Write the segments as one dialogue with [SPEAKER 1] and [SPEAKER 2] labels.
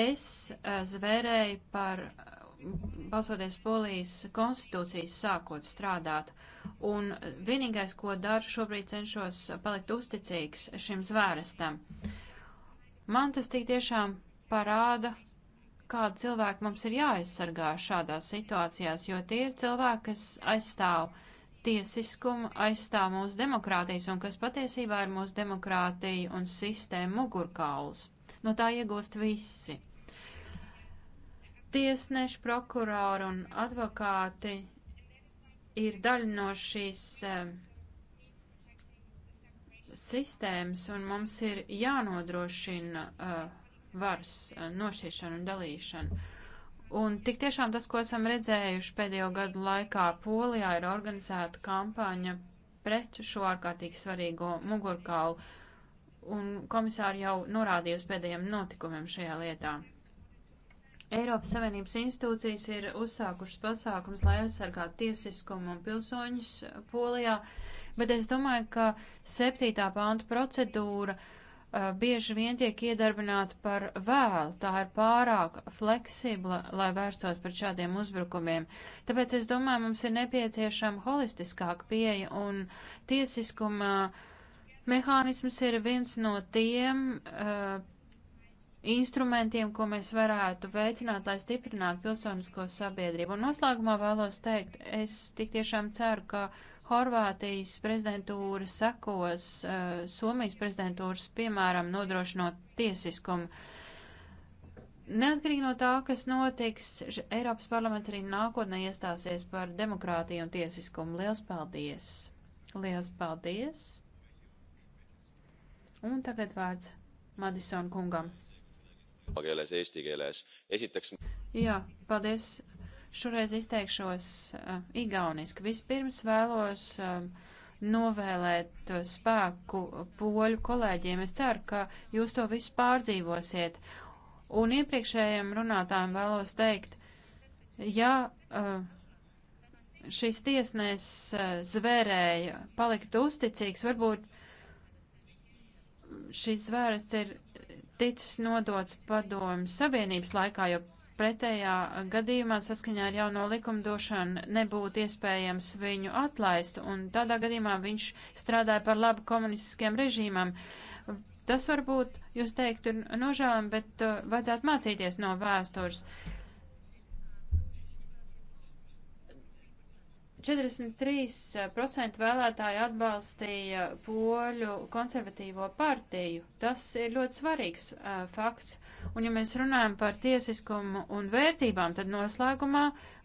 [SPEAKER 1] Es eh, zvērēju par eh, balsoties Polijas konstitūcijas sākot strādāt. Un eh, vienīgais, ko daru, šobrīd cenšos palikt uzticīgs šim zvērestam. Man tas tik tiešām parāda, kāda cilvēka mums ir jāaizsargā šādās situācijās, jo tie ir cilvēki, kas aizstāv tiesiskumu, aizstāv mūsu demokrātijas un kas patiesībā ir mūsu demokrātija un sistēma mugurkauls. No tā iegūst visi. Tiesneši, prokurori un advokāti ir daļa no šīs uh, sistēmas, un mums ir jānodrošina uh, varas uh, nošķiršana un dalīšana. Un tik tiešām tas, ko esam redzējuši pēdējo gadu laikā, Polijā ir organizēta kampaņa pret šo ārkārtīgi svarīgo mugurkaulu, un komisāri jau norādīja uz pēdējiem notikumiem šajā lietā. Eiropas Savienības institūcijas ir uzsākušas pasākums, lai aizsargātu tiesiskumu un pilsoņus Polijā, bet es domāju, ka septītā pānta procedūra uh, bieži vien tiek iedarbināta par vēlu. Tā ir pārāk fleksibla, lai vērstos par šādiem uzbrukumiem. Tāpēc es domāju, mums ir nepieciešama holistiskāka pieeja un tiesiskuma mehānisms ir viens no tiem. Uh, instrumentiem, ko mēs varētu veicināt, lai stiprinātu pilsonisko sabiedrību. Un noslēgumā vēlos teikt, es tik tiešām ceru, ka Horvātijas prezidentūra sekos uh, Somijas prezidentūras, piemēram, nodrošinot tiesiskumu. Neatkarīgi no tā, kas notiks, Eiropas parlaments arī nākotnē iestāsies par demokrātiju un tiesiskumu. Liels paldies! Liels paldies! Un tagad vārds Madison kungam.
[SPEAKER 2] Pagēlēs eesti keeles. Esiteks.
[SPEAKER 1] Jā, paldies. Šoreiz izteikšos uh, igauniski. Vispirms vēlos um, novēlēt eh, spēku poļu kolēģiem. Es ceru, ka jūs to visu pārdzīvosiet. Un iepriekšējiem runātājiem vēlos teikt, ja uh, šis tiesnēs uh, zvērēja palikt uzticīgs, varbūt šis zvērsts ir ticis nodots padomu savienības laikā, jo pretējā gadījumā saskaņā ar jauno likumdošanu nebūtu iespējams viņu atlaist, un tādā gadījumā viņš strādāja par labu komunistiskiem režīmam. Tas varbūt, jūs teiktu, ir nožēlam, bet uh, vajadzētu mācīties no vēstures. Uh, 43% vēlētāji atbalstīja poļu konservatīvo partiju. Tas ir ļoti svarīgs uh, fakts. Un, ja mēs runājam par tiesiskumu un vērtībām, tad noslēgumā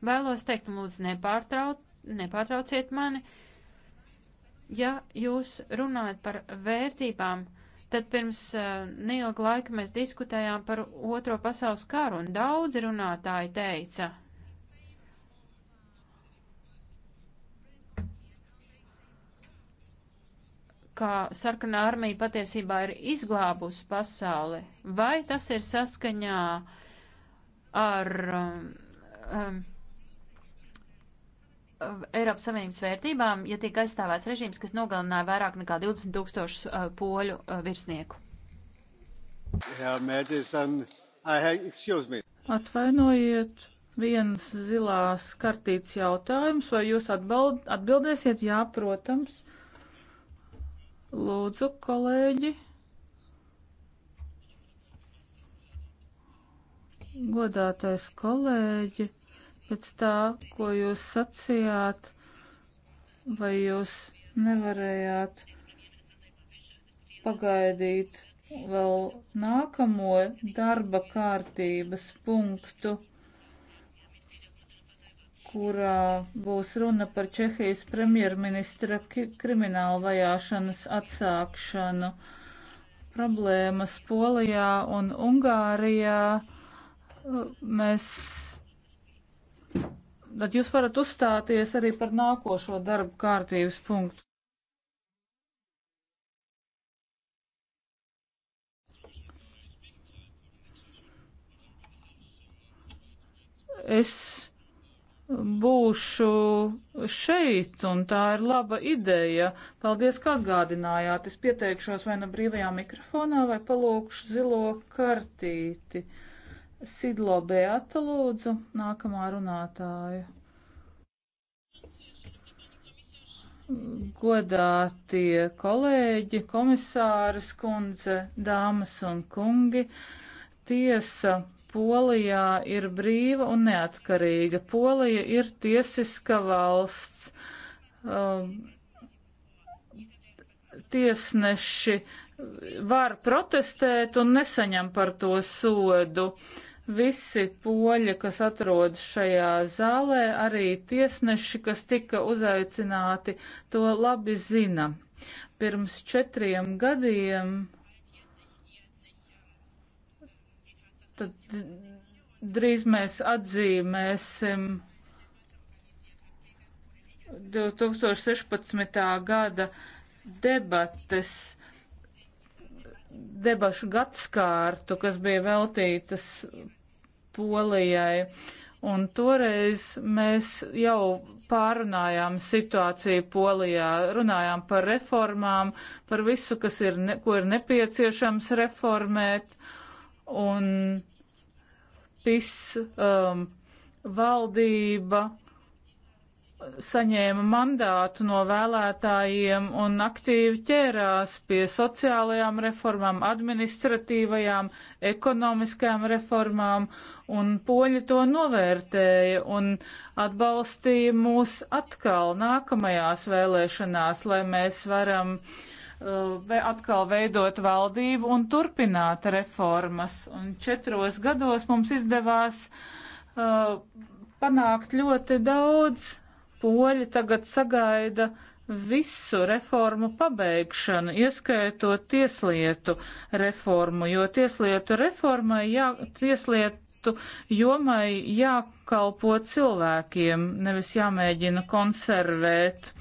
[SPEAKER 1] vēlos teikt, lūdzu, nepārtrauc, nepārtrauciet mani. Ja jūs runājat par vērtībām, tad pirms uh, neilga laika mēs diskutējām par Otro pasaules karu, un daudzi runātāji teica, ka sarkanā armija patiesībā ir izglābusi pasauli, vai tas ir saskaņā ar um, um, Eiropas Savienības vērtībām, ja tiek aizstāvēts režīms, kas nogalināja vairāk nekā 20 tūkstošu uh, poļu uh, virsnieku.
[SPEAKER 3] Jā, Madison, I,
[SPEAKER 4] Atvainojiet, viens zilās kartītes jautājums, vai jūs atbald, atbildēsiet? Jā, protams. Uh, Lūdzu, kolēģi. Godātais kolēģi, pēc tā, ko jūs sacījāt, vai jūs nevarējāt pagaidīt vēl nākamo darba kārtības punktu? kurā būs runa par Čehijas premjerministra kriminālu vajāšanas atsākšanu. Problēmas Polijā un Ungārijā mēs. Tad jūs varat uzstāties arī par nākošo darbu kārtības punktu. Es būšu šeit, un tā ir laba ideja. Paldies, ka atgādinājāt. Es pieteikšos vai nu no brīvajā mikrofonā, vai palūkšu zilo kartīti. Sidlo Beata lūdzu, nākamā runātāja. Godātie kolēģi, komisāras kundze, dāmas un kungi, tiesa Polijā ir brīva un neatkarīga. Polija ir tiesiska valsts. Um, tiesneši var protestēt un nesaņem par to sodu. Visi poļi, kas atrodas šajā zālē, arī tiesneši, kas tika uzaicināti, to labi zina. Pirms četriem gadiem tad drīz mēs atzīmēsim 2016. gada debates, debašu gadskārtu, kas bija veltītas Polijai. Un toreiz mēs jau pārunājām situāciju Polijā, runājām par reformām, par visu, kas ir, ne, ko ir nepieciešams reformēt. Uh, un PIS um, valdība saņēma mandātu no vēlētājiem un aktīvi ķērās pie sociālajām reformām, administratīvajām, ekonomiskajām reformām, un poļi to novērtēja un atbalstīja mūs atkal nākamajās vēlēšanās, lai mēs varam uh, Uh, atkal veidot valdību un turpināt reformas. Un četros gados mums izdevās uh, panākt ļoti daudz. Poļi tagad sagaida visu reformu pabeigšanu, ieskaitot tieslietu reformu, jo tieslietu reformai, jā, tieslietu jomai jākalpo cilvēkiem, nevis jāmēģina konservēt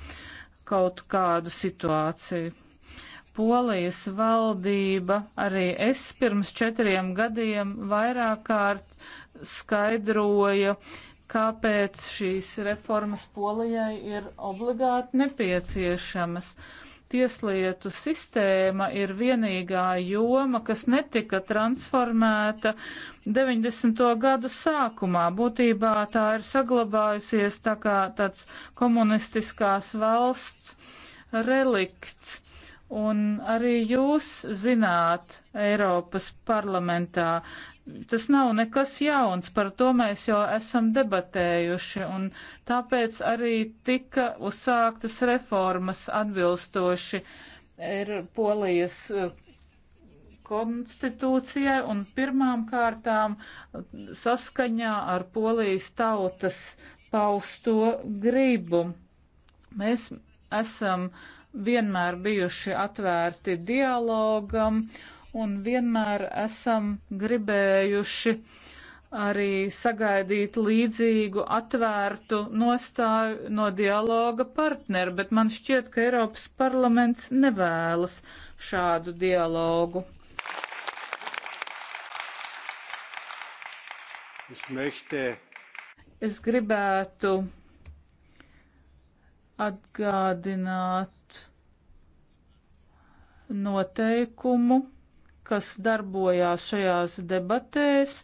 [SPEAKER 4] kaut kādu situāciju. Polijas valdība, arī es pirms četriem gadiem vairāk kārt skaidroju, kāpēc šīs reformas Polijai ir obligāti nepieciešamas tieslietu sistēma ir vienīgā joma, kas netika transformēta 90. gadu sākumā. Būtībā tā ir saglabājusies tā kā tāds komunistiskās valsts relikts. Un arī jūs zināt Eiropas parlamentā, tas nav nekas jauns, par to mēs jau esam debatējuši, un tāpēc arī tika uzsāktas reformas atbilstoši ir Polijas eh, konstitūcijai un pirmām kārtām saskaņā ar Polijas tautas pausto gribu. Mēs esam uh, vienmēr bijuši atvērti dialogam un vienmēr esam gribējuši arī sagaidīt līdzīgu atvērtu nostāju no dialoga partneru, bet man šķiet, ka Eiropas parlaments nevēlas šādu dialogu. Es gribētu atgādināt noteikumu, kas darbojās šajās debatēs,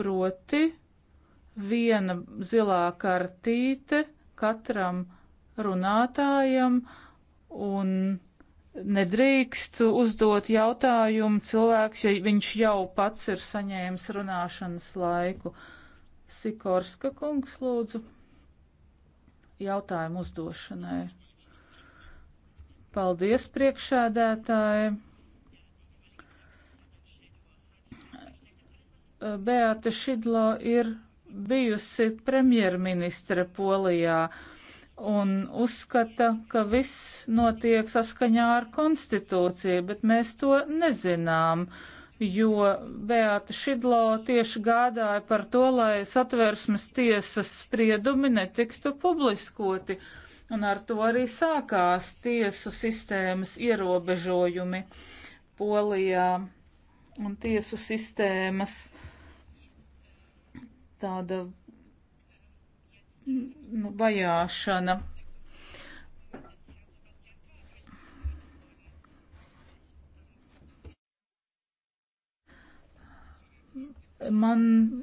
[SPEAKER 4] proti viena zilā kartīte katram runātājam un nedrīkst uzdot jautājumu cilvēks, ja viņš jau pats ir saņēmis runāšanas laiku. Sikorska kungs, lūdzu jautājumu uzdošanai. Paldies priekšēdētāji. Beata Šidlo ir bijusi premjerministre Polijā un uzskata, ka viss notiek saskaņā ar konstitūciju, bet mēs to nezinām. Uh, jo Beata Šidlo tieši gādāja par to, lai satversmes tiesas spriedumi netiktu publiskoti, un ar to arī sākās tiesu sistēmas ierobežojumi Polijā un tiesu sistēmas tāda nu, vajāšana. Man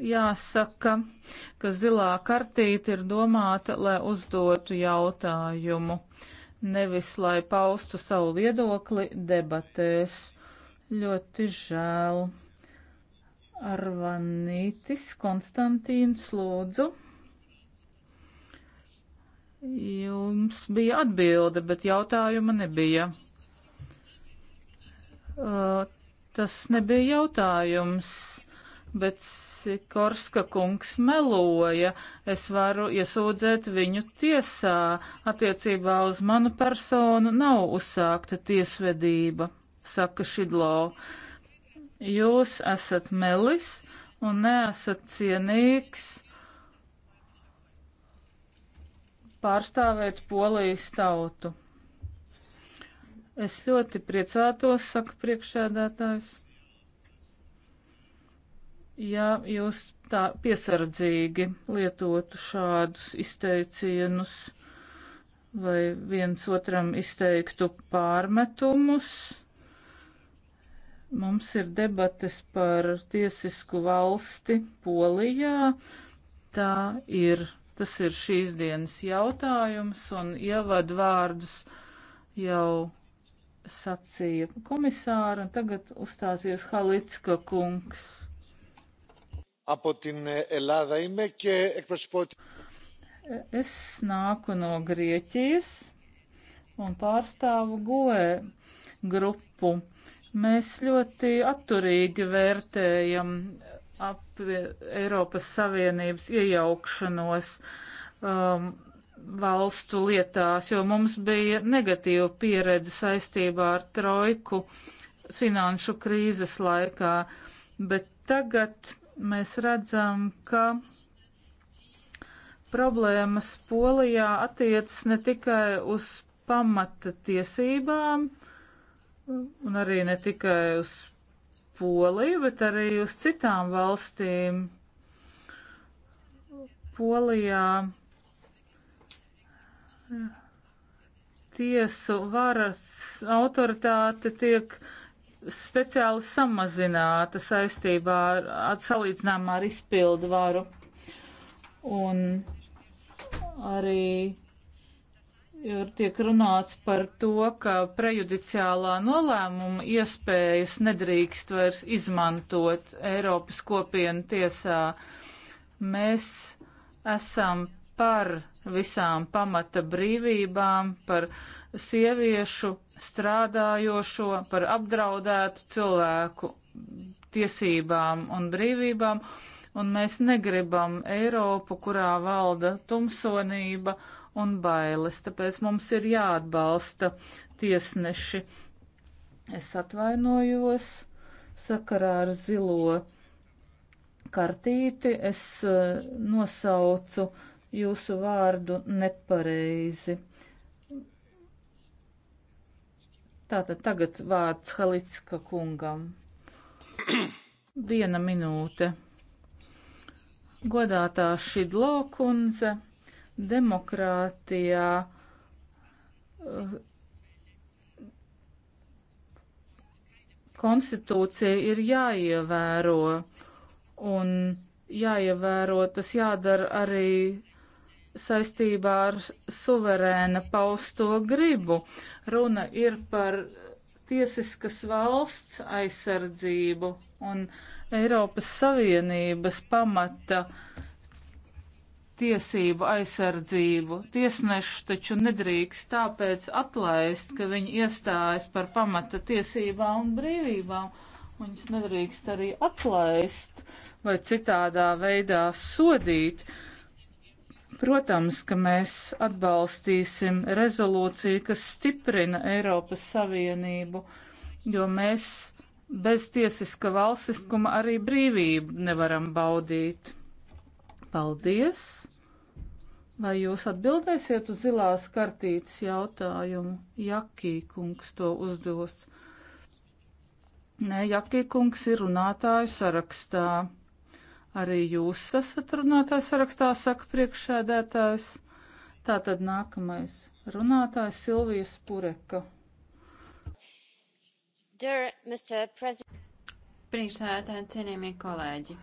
[SPEAKER 4] jāsaka, ka zilā kartīte ir domāta, lai uzdotu jautājumu, nevis lai paustu savu viedokli debatēs. Ļoti žēl. Arvanītis Konstantīns lūdzu. Jums bija atbilde, bet jautājuma nebija. Uh, tas nebija jautājums bet Sikorska kungs meloja. Es varu iesūdzēt viņu tiesā. Attiecībā uz manu personu nav uzsākta tiesvedība, saka Šidlo. Jūs esat melis un neesat cienīgs pārstāvēt polijas tautu. Es ļoti priecātos, saka priekšsēdētājs ja jūs tā piesardzīgi lietotu šādus izteicienus vai viens otram izteiktu pārmetumus. Mums ir debates par tiesisku valsti Polijā. Tā ir, tas ir šīs dienas jautājums un ievadvārdus jau sacīja komisāra. Tagad uzstāsies Halicka kungs. Es nāku no Grieķijas un pārstāvu GOE grupu. Mēs ļoti atturīgi vērtējam ap Eiropas Savienības iejaukšanos um, valstu lietās, jo mums bija negatīva pieredze saistībā ar trojku finanšu krīzes laikā, bet tagad mēs redzam, ka problēmas Polijā attiecas ne tikai uz pamata tiesībām, un arī ne tikai uz Poliju, bet arī uz citām valstīm. Polijā tiesu varas autoritāte tiek uh, speciāli samazināta saistībā ar, ar salīdzināmā ar izpildu varu. Un arī ir tiek runāts par to, ka prejudiciālā nolēmuma iespējas nedrīkst vairs izmantot Eiropas kopienu tiesā. Mēs esam par visām pamata brīvībām, par sieviešu strādājošo, par apdraudētu cilvēku tiesībām un brīvībām, un mēs negribam Eiropu, kurā valda tumsonība un bailes, tāpēc mums ir jāatbalsta tiesneši. Es atvainojos sakarā ar zilo kartīti, es eh, nosaucu jūsu vārdu nepareizi. Tātad tagad vārds Halicka kungam. Viena minūte. Godātā Šidlo kundze, demokrātijā eh, konstitūcija ir jāievēro un jāievēro, tas jādara arī saistībā ar suverēna pausto gribu. Runa ir par tiesiskas valsts aizsardzību un Eiropas Savienības pamata tiesību aizsardzību. Tiesnešu taču nedrīkst tāpēc atlaist, ka viņi iestājas par pamata tiesībām un brīvībām. Viņus nedrīkst arī atlaist vai citādā veidā sodīt. Uh, Protams, ka mēs atbalstīsim rezolūciju, kas stiprina Eiropas Savienību, jo mēs bez tiesiska valstiskuma arī brīvību nevaram baudīt. Paldies! Vai jūs atbildēsiet uz zilās kartītes jautājumu? Jakī kungs to uzdos. Nē, Jakī kungs ir runātāju sarakstā. Arī jūs esat runātājs sarakstā, saka priekšsēdētājs. Tātad nākamais runātājs Silvija Spureka.
[SPEAKER 1] Priekšsēdētāji, cienījamie kolēģi.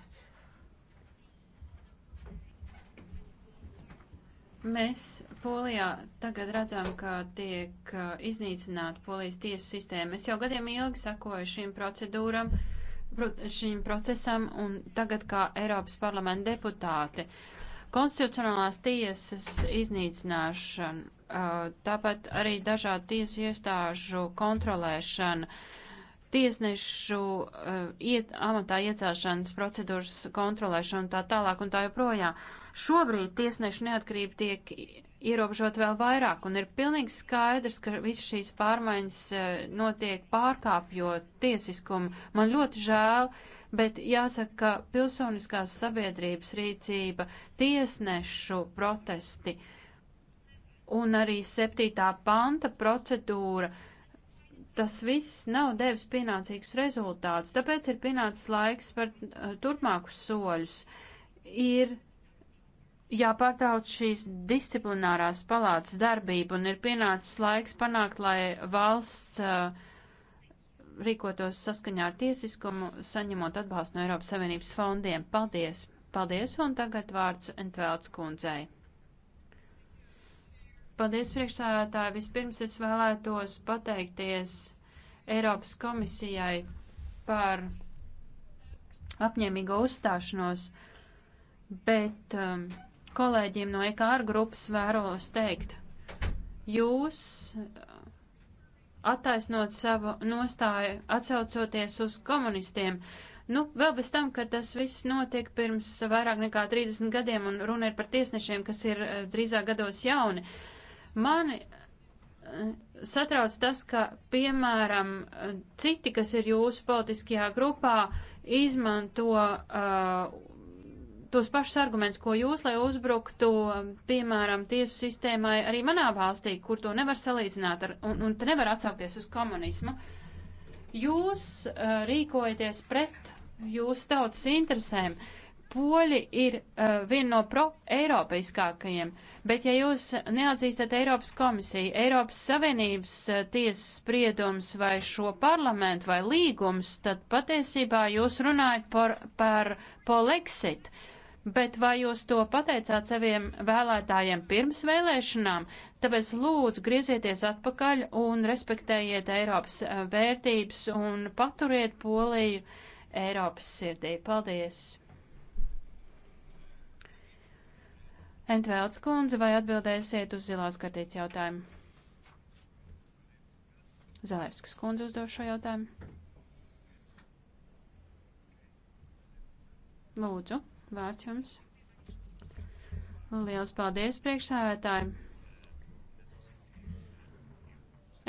[SPEAKER 1] Mēs Polijā tagad redzam, ka tiek uh, iznīcināta polijas tiesu sistēma. Es jau gadiem ilgi sakoju šīm procedūram. Uh, šim procesam un tagad kā Eiropas parlamenta deputāti. Konstitucionālās tiesas iznīcināšana, tāpat arī dažādu tiesu iestāžu kontrolēšana, tiesnešu iet, amatā iecelšanas procedūras kontrolēšana un tā tālāk un tā joprojām. Šobrīd tiesnešu neatkarība tiek ierobežot vēl vairāk, un ir pilnīgi skaidrs, ka visas šīs pārmaiņas eh, notiek pārkāpjot tiesiskumu. Man ļoti žēl, bet jāsaka, ka pilsoniskās sabiedrības rīcība, tiesnešu protesti un arī septītā panta procedūra, tas viss nav devis pienācīgus rezultātus, tāpēc ir pienācis laiks par eh, turpmākus soļus. Ir jāpārtrauc šīs disciplinārās palātas darbība un ir pienācis laiks panākt, lai valsts uh, rīkotos saskaņā ar tiesiskumu, saņemot atbalstu no Eiropas Savienības fondiem. Paldies! Paldies, un tagad vārds Entvēlts kundzei. Paldies, priekšsādātāji! Vispirms es vēlētos pateikties Eiropas komisijai par apņēmīgo uzstāšanos, bet um, kolēģiem no EKR grupas vēros teikt. Jūs uh, attaisnot savu nostāju, atsaucoties uz komunistiem, nu, vēl bez tam, ka tas viss notiek pirms vairāk nekā 30 gadiem un runa ir par tiesnešiem, kas ir uh, drīzāk gados jauni. Mani uh, satrauc tas, ka, piemēram, citi, kas ir jūsu politiskajā grupā, izmanto uh, tos pašus argumentus, ko jūs, lai uzbruktu, um, piemēram, tiesu sistēmai arī manā valstī, kur to nevar salīdzināt ar, un, un te nevar atsaukties uz komunismu. Jūs uh, rīkojaties pret jūsu tautas interesēm. Poļi ir uh, viena no pro-eiropeiskākajiem, bet ja jūs neatzīstat Eiropas komisiju, Eiropas Savienības uh, tiesas spriedums vai šo parlamentu vai līgums, tad patiesībā jūs runājat par, par polexit. Uh, bet vai jūs to pateicāt saviem vēlētājiem pirms vēlēšanām? Tāpēc lūdzu griezieties atpakaļ un respektējiet Eiropas eh, vērtības un paturiet Poliju Eiropas sirdī. Paldies! Entvēlts kundze, vai atbildēsiet uz zilās kartītes jautājumu? Zalevskas kundze uzdošu šo jautājumu. Lūdzu. Vārds jums. Liels paldies priekšsēdētāji.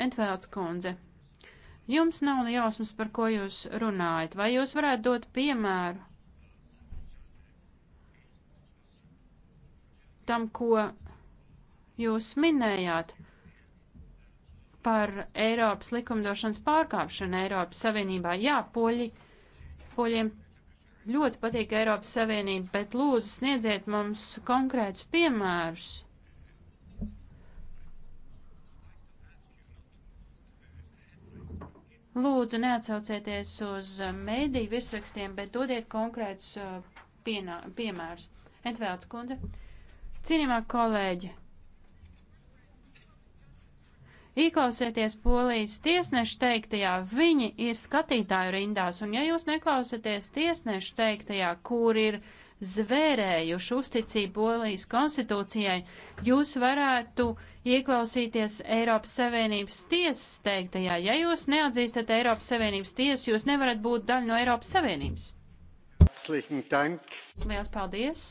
[SPEAKER 1] Entvēlts kundze. Jums nav jausmas, par ko jūs runājat. Vai jūs varētu dot piemēru tam, ko jūs minējāt? par Eiropas likumdošanas pārkāpšanu Eiropas Savienībā. Jā, poļi, poļiem ļoti patīk Eiropas Savienība, bet lūdzu sniedziet mums konkrētus piemērus. Lūdzu, neatsaucieties uz um, mēdīju virsrakstiem, bet dodiet konkrētus uh, pienā, piemērus. Entvēlts kundze, cienījumā kolēģi, Ieklausieties polijas tiesnešu teiktajā, viņi ir skatītāju rindās, un ja jūs neklausieties tiesnešu teiktajā, kur ir zvērējuši uzticību polijas konstitūcijai, jūs varētu ieklausīties Eiropas Savienības tiesas teiktajā. Ja jūs neatzīstat Eiropas Savienības tiesu, jūs nevarat būt daļa no Eiropas Savienības.
[SPEAKER 3] Liels
[SPEAKER 1] paldies!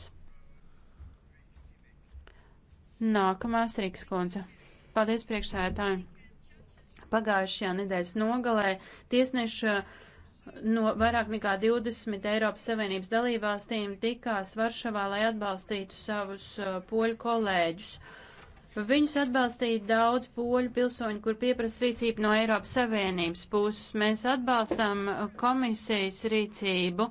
[SPEAKER 1] Nākamā Strīkskundze. Paldies priekšsētāji. Pagājušajā nedēļas nogalē tiesneša uh, no vairāk nekā 20 Eiropas Savienības dalībvalstīm tikās Varšavā, lai atbalstītu savus uh, poļu kolēģus. Viņus atbalstīja daudz poļu pilsoņu, kur pieprasa rīcību no Eiropas Savienības puses. Mēs atbalstām uh, komisijas rīcību,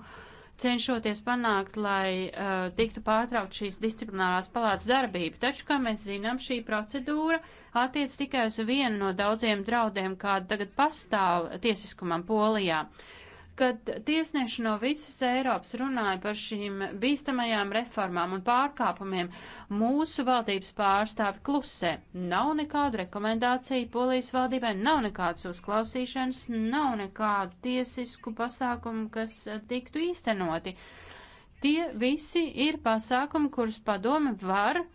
[SPEAKER 1] cenšoties panākt, lai uh, tiktu pārtraukt šīs disciplinārās palātas darbība. Taču, kā mēs zinām, šī procedūra uh, attiec tikai uz vienu no daudziem draudiem, kāda tagad pastāv tiesiskumam Polijā. Kad tiesneši no visas Eiropas runāja par šīm bīstamajām reformām un pārkāpumiem, mūsu valdības pārstāvi klusē. Nav nekādu rekomendāciju polijas valdībai, nav nekādas uzklausīšanas, nav nekādu tiesisku pasākumu, kas tiktu īstenoti. Tie visi ir pasākumi, kurus padome var uh,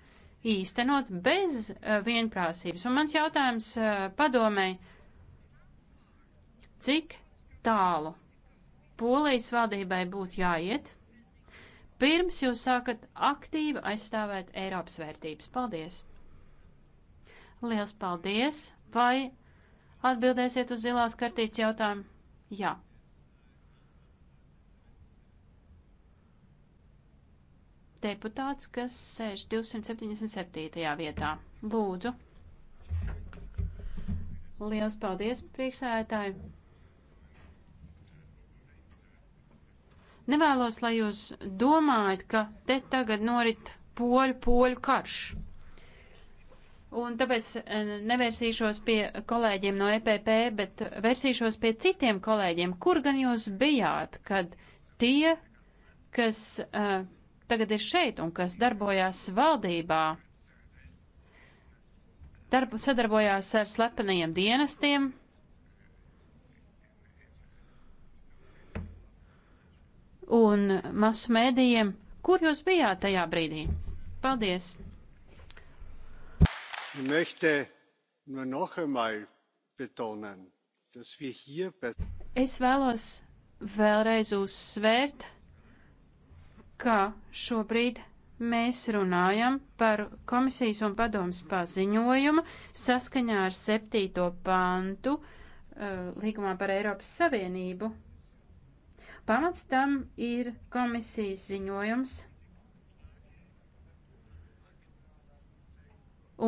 [SPEAKER 1] īstenot bez eh, vienprāsības. Un mans jautājums eh, padomēji, cik tālu polijas valdībai būtu jāiet, pirms jūs sākat aktīvi aizstāvēt Eiropas vērtības. Paldies! Liels paldies! Vai atbildēsiet uz zilās kartītes jautājumu? Jā. deputāts, kas sēž 277. vietā. Lūdzu. Liels paldies, priekšsēdētāji. Nevēlos, lai jūs domājat, ka te tagad norit poļu, poļu karš. Un tāpēc eh, nevērsīšos pie kolēģiem no EPP, bet vērsīšos pie citiem kolēģiem. Kur gan jūs bijāt, kad tie, kas uh, tagad ir šeit un kas darbojās valdībā, darbu sadarbojās ar slepenajiem dienestiem. Un masu mēdījiem, kur jūs bijāt tajā brīdī? Paldies!
[SPEAKER 3] Ich möchte nur noch einmal betonen, dass wir hier bei
[SPEAKER 1] Es vēlos vēlreiz uzsvērt, ka šobrīd mēs runājam par komisijas un padomas paziņojumu saskaņā ar septīto pantu uh, līgumā par Eiropas Savienību. Pamats tam ir komisijas ziņojums.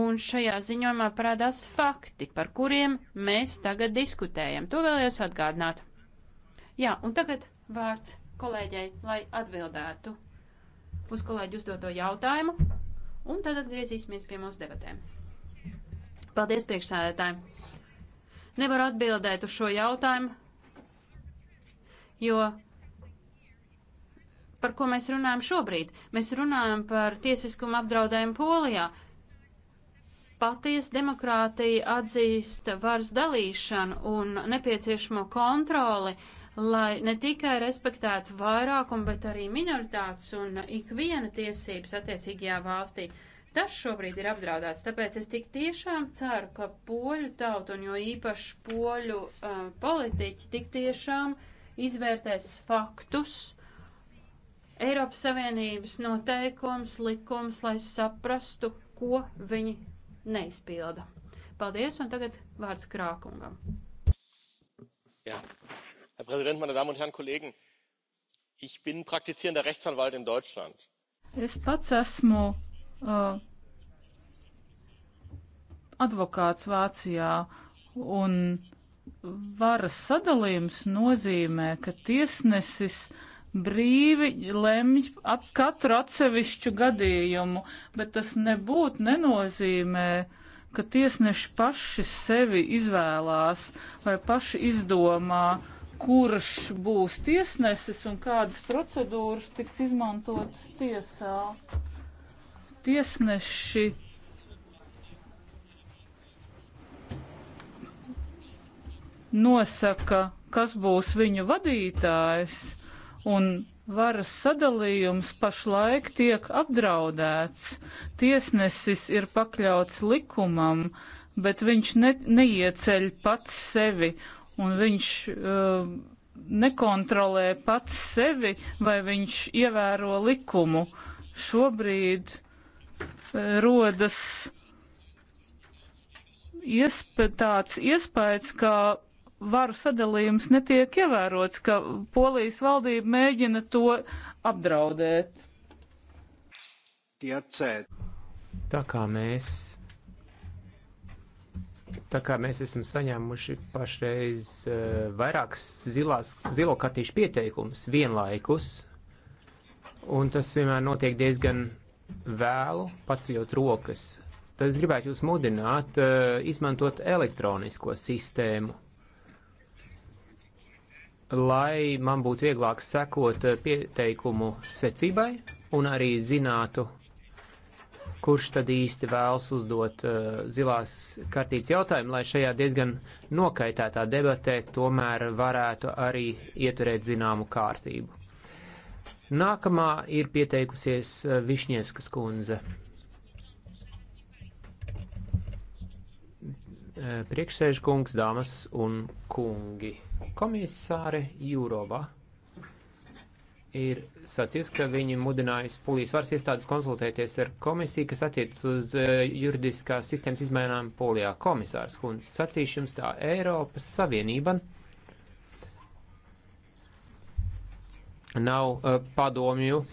[SPEAKER 1] Un šajā ziņojumā parādās fakti, par kuriem mēs tagad diskutējam. To vēlējos atgādināt. Jā, un tagad vārds kolēģei, lai atbildētu uz kolēģi uzdoto jautājumu, un tad atgriezīsimies pie mūsu debatēm. Paldies priekšsēdētājiem! Nevaru atbildēt uz šo jautājumu, jo par ko mēs runājam šobrīd? Mēs runājam par tiesiskumu apdraudējumu Polijā. Paties demokrātija atzīst varas dalīšanu un nepieciešamo kontroli uh, lai ne tikai respektētu vairākumu, bet arī minoritātes un ikviena tiesības attiecīgajā valstī. Tas šobrīd ir apdraudēts, tāpēc es tik tiešām ceru, ka poļu tauta un jo īpaši poļu uh, politiķi tik tiešām izvērtēs faktus, Eiropas Savienības noteikums, likums, lai saprastu, ko viņi neizpilda. Paldies, un tagad vārds krākungam. Yeah
[SPEAKER 5] herr präsident meine damen und herren kollegen! ich bin praktizierender rechtsanwalt in deutschland.
[SPEAKER 4] es pats esmu uh, advokāts vācijā un varas sadalījums nozīmē ka tiesnesis brīvi lemj at katru atsevišķu gadījumu, bet tas nebūtu nenozīmē, ka tiesneši paši sevi izvēlās vai paši izdomā, kurš būs tiesnesis un kādas procedūras tiks izmantotas tiesā. Tiesneši nosaka, kas būs viņu vadītājs, un varas sadalījums pašlaik tiek apdraudēts. Tiesnesis ir pakļauts likumam, bet viņš ne, neieceļ pats sevi un viņš uh, nekontrolē pats sevi, vai viņš ievēro likumu. Šobrīd uh, rodas iesp tāds iespējas, ka varu sadalījums netiek ievērots, ka polijas valdība mēģina to apdraudēt.
[SPEAKER 3] Tiecēt.
[SPEAKER 5] Tā kā mēs Tā kā mēs esam saņēmuši pašreiz uh, vairākas zilās, zilo kartīšu pieteikumus vienlaikus, un tas vienmēr notiek diezgan vēlu, paceļot rokas. Tad es gribētu jūs mudināt uh, izmantot elektronisko sistēmu, lai man būtu vieglāk sekot eh, pieteikumu secībai un arī zinātu, kurš tad īsti vēlas uzdot uh, zilās kartītes jautājumu, lai šajā diezgan nokaitētā debatē tomēr varētu arī ieturēt zināmu kārtību. Nākamā ir pieteikusies uh, Višņieskas kundze. Uh, priekšsēžkungs, dāmas un kungi, komisāre Jūrova ir sacījis, ka viņi mudinājis polijas varas iestādes konsultēties ar komisiju, kas attiecas uz e, juridiskās sistēmas izmaiņām polijā. Komisārs Huns sacīs jums tā Eiropas Savienība nav uh, padomju uh,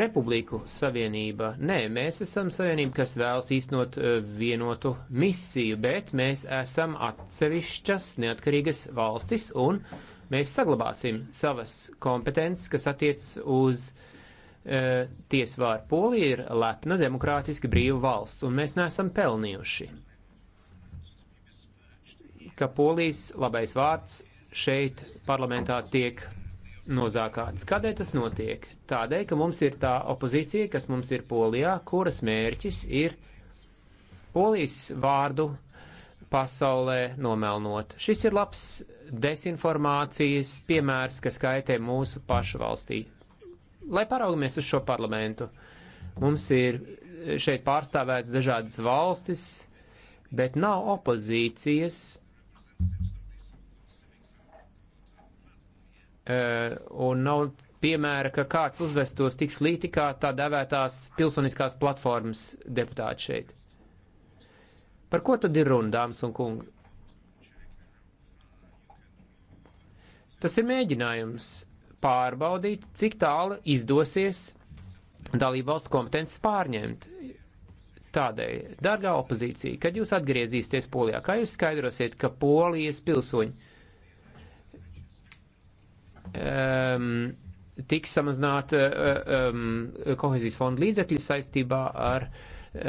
[SPEAKER 5] republiku savienība. Nē, mēs esam savienība, kas vēlas īstenot uh, vienotu misiju, bet mēs esam atsevišķas neatkarīgas valstis un uh, mēs saglabāsim savas kompetences, kas attiecas uz e, tiesvāru. Polija ir lepna, demokrātiski brīva valsts, un mēs neesam pelnījuši, ka polijas labais vārds šeit parlamentā tiek nozākāts. Kādēļ tas notiek? Tādēļ, ka mums ir tā opozīcija, kas mums ir Polijā, kuras mērķis ir polijas vārdu pasaulē nomelnot. Šis ir labs desinformācijas piemērs, kas kaitē mūsu pašu valstī. Lai paraugamies uz šo parlamentu, mums ir šeit pārstāvēts dažādas valstis, bet nav opozīcijas. E, un nav piemēra, ka kāds uzvestos tik slīti kā tā devētās pilsoniskās platformas deputāti šeit. Par ko tad ir runa, dāmas un kungi? Tas ir mēģinājums pārbaudīt, cik tālu izdosies dalību valstu kompetences pārņemt. Tādēļ, dārgā opozīcija, kad jūs atgriezīsieties Polijā, kā jūs skaidrosiet, ka Polijas pilsoņi um, tiks samazināt um, ehm, kohezijas fonda līdzekļi saistībā ar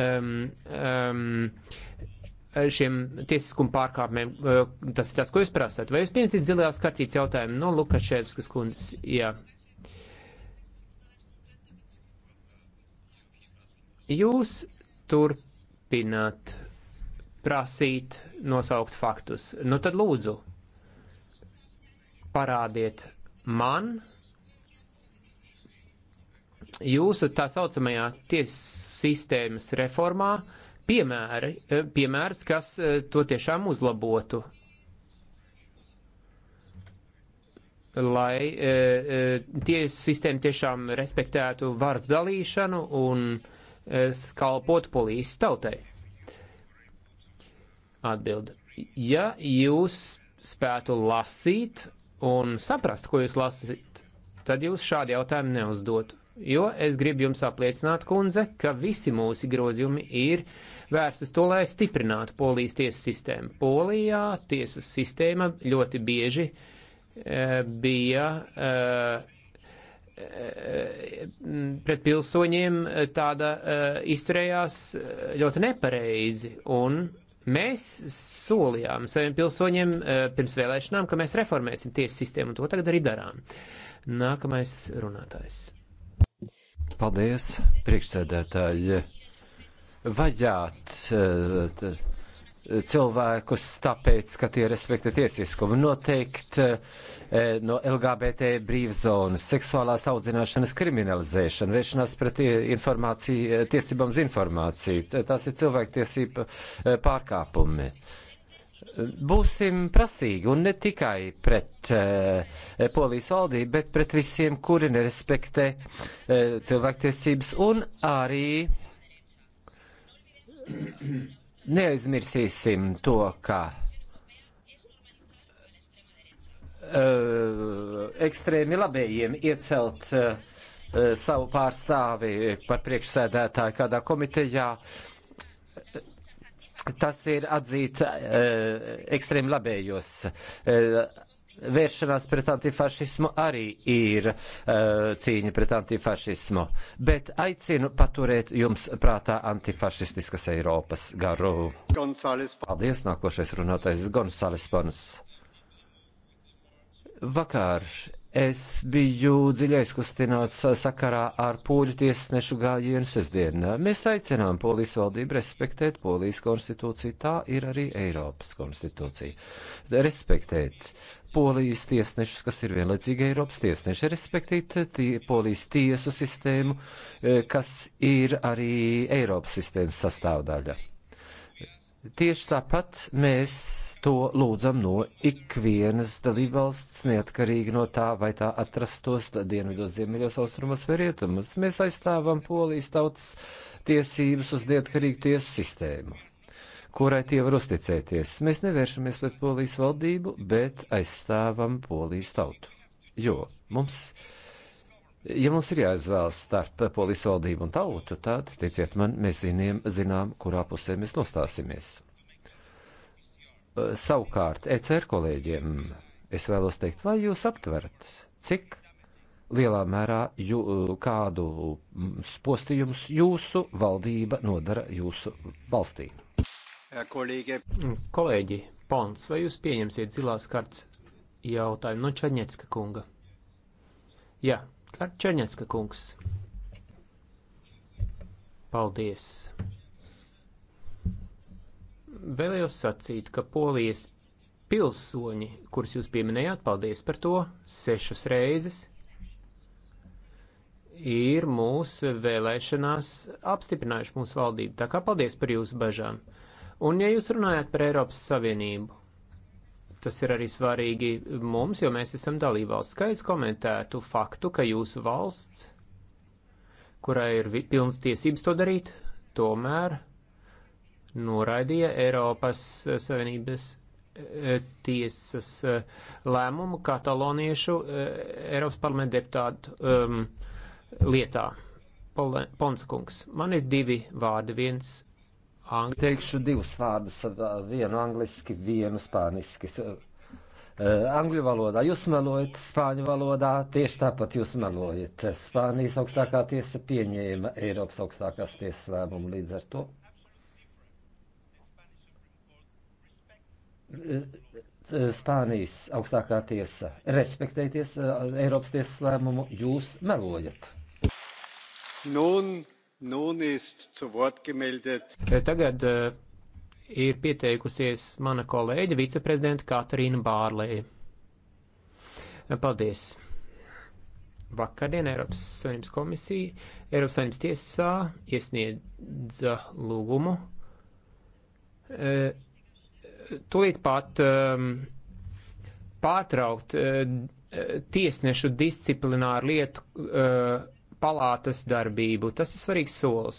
[SPEAKER 5] um, um, Eh, šiem tiesiskuma pārkāpumiem. Eh, tas ir tas, ko jūs prasat. Vai jūs pienesiet zilajās kartītes jautājumu no nu, Lukaševskas kundzes? Jā. Jūs turpināt prasīt nosaukt faktus. Nu tad lūdzu, parādiet man jūsu tā saucamajā tiesas sistēmas reformā, uh, piemēri, e, piemērs, kas e, to tiešām uzlabotu. Lai e, tiesu sistēma tiešām respektētu varas dalīšanu un kalpotu polīs tautai. Atbilde. Ja jūs spētu lasīt un saprast, ko jūs lasīt, tad jūs šādi jautājumi neuzdotu jo es gribu jums apliecināt, kundze, ka visi mūsu grozījumi ir vērsti uz to, lai stiprinātu polijas tiesu sistēmu. Polijā tiesu sistēma ļoti bieži e, bija e, pret pilsoņiem tāda izturējās ļoti nepareizi, un mēs solījām saviem pilsoņiem pirms vēlēšanām, ka mēs reformēsim tiesu sistēmu, un to tagad arī darām. Nākamais runātājs.
[SPEAKER 3] Paldies, priekšsēdētāji. Vajāt eh, cilvēkus tāpēc, ka tie respektē tiesiskumu. Noteikti eh, no LGBT brīvzonas, seksuālās audzināšanas kriminalizēšana, vēršanās pret eh, informāciju, tiesībām uz informāciju. Tās ir cilvēktiesība pārkāpumi. Uh, Būsim prasīgi un ne tikai pret uh, polijas valdību, bet pret visiem, kuri nerespektē uh, cilvēktiesības un arī neaizmirsīsim to, ka uh, ekstrēmi labējiem iecelt uh, savu pārstāvi par priekšsēdētāju kādā komitejā. Uh, Tas ir atzīts eh, ekstrēm labējos eh, vēršanās pret antifašismu arī ir uh, cīņa pret antifašismu, bet aicinu paturēt jums prātā antifašistiskas Eiropas garu. Gonzales. Paldies, nākošais runātais Gonzales Pons. Vakar Es biju dziļi aizkustināts sakarā ar poļu tiesnešu gājienu sestdienā. Mēs aicinām polijas valdību respektēt polijas konstitūciju, tā ir arī Eiropas konstitūcija. Respektēt polijas tiesnešus, kas ir vienlaicīgi Eiropas tiesneši, respektīt tie, polijas tiesu sistēmu, eh, kas ir arī Eiropas sistēmas sastāvdaļa. Tieši tāpat mēs to lūdzam no ikvienas dalībvalsts, neatkarīgi no tā, vai tā atrastos dienvidos, ziemeļos, austrumos vai rietumos. Mēs aizstāvam polijas tautas tiesības uz neatkarīgu tiesu sistēmu, kurai tie var uzticēties. Mēs nevēršamies pret polijas valdību, bet aizstāvam polijas tautu, jo mums ir Ja mums ir jāizvēlas starp polijas valdību un tautu, tad, ticiet man, mēs ziniem, zinām, kurā pusē mēs nostāsimies. Savukārt, ECR kolēģiem es vēlos teikt, vai jūs aptverat, cik lielā mērā jū, kādu postījumus jūsu valdība nodara jūsu valstī.
[SPEAKER 5] Kolēģi. Kolēģi, Pons, vai jūs pieņemsiet zilās kartas jautājumu no nu, Čaņecka kunga? Jā, Černiecka kungs. Paldies. Vēlējos sacīt, ka polijas pilsoņi, kurus jūs pieminējāt, paldies par to, sešas reizes ir mūs vēlēšanās apstiprinājuši mūsu valdību. Tā kā paldies par jūsu bažām. Un ja jūs runājat par Eiropas Savienību, Tas ir arī svarīgi mums, jo mēs esam dalībvalsts. Kā jūs komentētu faktu, ka jūsu valsts, kurai ir pilns tiesības to darīt, tomēr noraidīja Eiropas eh, Savienības eh, tiesas eh, lēmumu kataloniešu Eiropas parlamenta deputātu um, lietā? Ponsakungs, man ir divi vārdi. Viens
[SPEAKER 3] Ang... Teikšu divus vārdus, vienu angliski, vienu spāniski. Uh, angļu valodā jūs melojat, spāņu valodā tieši tāpat jūs melojat. Spānijas augstākā tiesa pieņēma Eiropas augstākās tiesas lēmumu līdz ar to. Spānijas augstākā tiesa respektēties Eiropas tiesas lēmumu, jūs melojat. Nun,
[SPEAKER 5] Tagad eh, ir pieteikusies mana kolēģa viceprezidenta Katarīna Bārlēja. Paldies! Vakardien Eiropas Savienības komisija Eiropas Savienības tiesā iesniedza lūgumu. Eh, tūlīt pat um, pārtraukt uh, tiesnešu disciplināru lietu uh, palātas darbību. Tas ir svarīgs solis.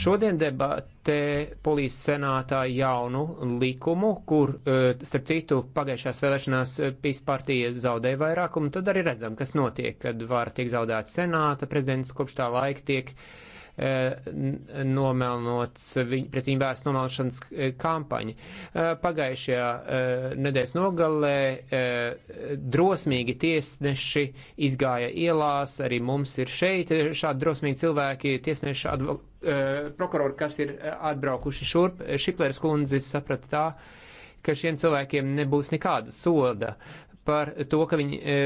[SPEAKER 5] Šodien debatē polijas senātā jaunu likumu, kur, e, starp citu, pagājušās vēlēšanās e, PIS partija zaudēja vairākumu, tad arī redzam, kas notiek, kad vara tiek zaudēta senāta, prezidents kopš tā laika tiek uh, Eh, nomelnots, viņ, pret viņu vērsts nomelnošanas eh, kampaņa. Eh, pagājušajā nedēļas nogalē drosmīgi tiesneši izgāja ielās, arī mums ir šeit šādi drosmīgi cilvēki, tiesneši, advo, prokurori, kas ir atbraukuši šurp. Šiplers kundze saprata tā, ka šiem cilvēkiem nebūs nekāda soda par to, ka viņi e,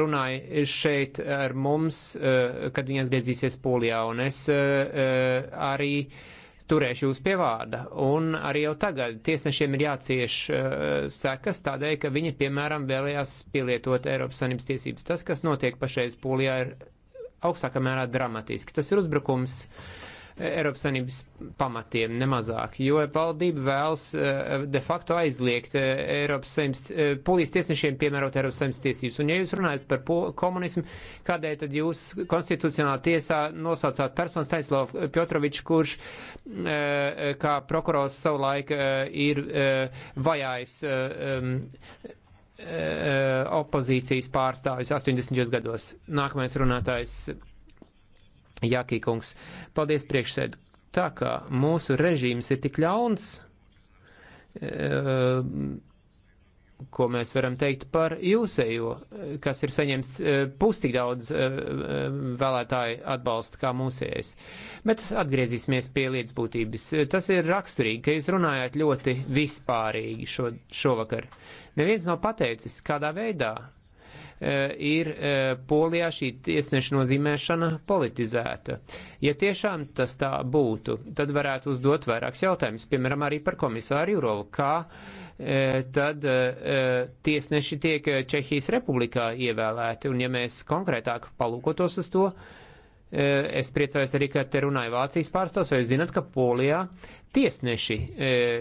[SPEAKER 5] runāja šeit ar mums, e, kad viņi atgriezīsies Polijā, un es e, arī turēšu jūs pie vārda. Un arī jau tagad tiesnešiem ir jācieš uh, sekas tādēļ, ka viņi, piemēram, vēlējās pielietot Eiropas Sanības tiesības. Tas, kas notiek pašreiz Polijā, ir augstākā mērā dramatiski. Tas ir uzbrukums uh, Eiropas Savienības pamatiem nemazāk, jo valdība vēlas eh, de facto aizliegt eh, Eiropas Savienības, eh, polijas tiesnešiem piemērot Eiropas Savienības tiesības. Un ja jūs runājat par komunismu, kādēļ tad jūs konstitucionālā tiesā nosaucāt personu Staislavu Piotroviču, kurš kā prokurors savu laiku ir vajājis opozīcijas pārstāvis 80. gados. Nākamais runātājs Jākī kungs. Paldies priekšsēd. Tā kā mūsu režīms ir tik ļauns, e, ko mēs varam teikt par jūsējo, kas ir saņemts e, pus tik daudz e, vēlētāju atbalstu kā mūsējais. Bet atgriezīsimies pie lietas būtības. Tas ir raksturīgi, ka jūs runājāt ļoti vispārīgi šo, šovakar. Neviens nav pateicis, kādā veidā Eh, ir eh, Polijā šī tiesneša nozīmēšana politizēta. Ja tiešām tas tā būtu, tad varētu uzdot vairākus jautājumus, piemēram, arī par komisāru Jurovu, kā eh, tad tiesneši tiek Čehijas republikā ievēlēti, un ja mēs konkrētāk palūkotos uz to, Es priecājos arī, ka te runāja Vācijas pārstāvs, vai jūs zinat, ka Polijā tiesneši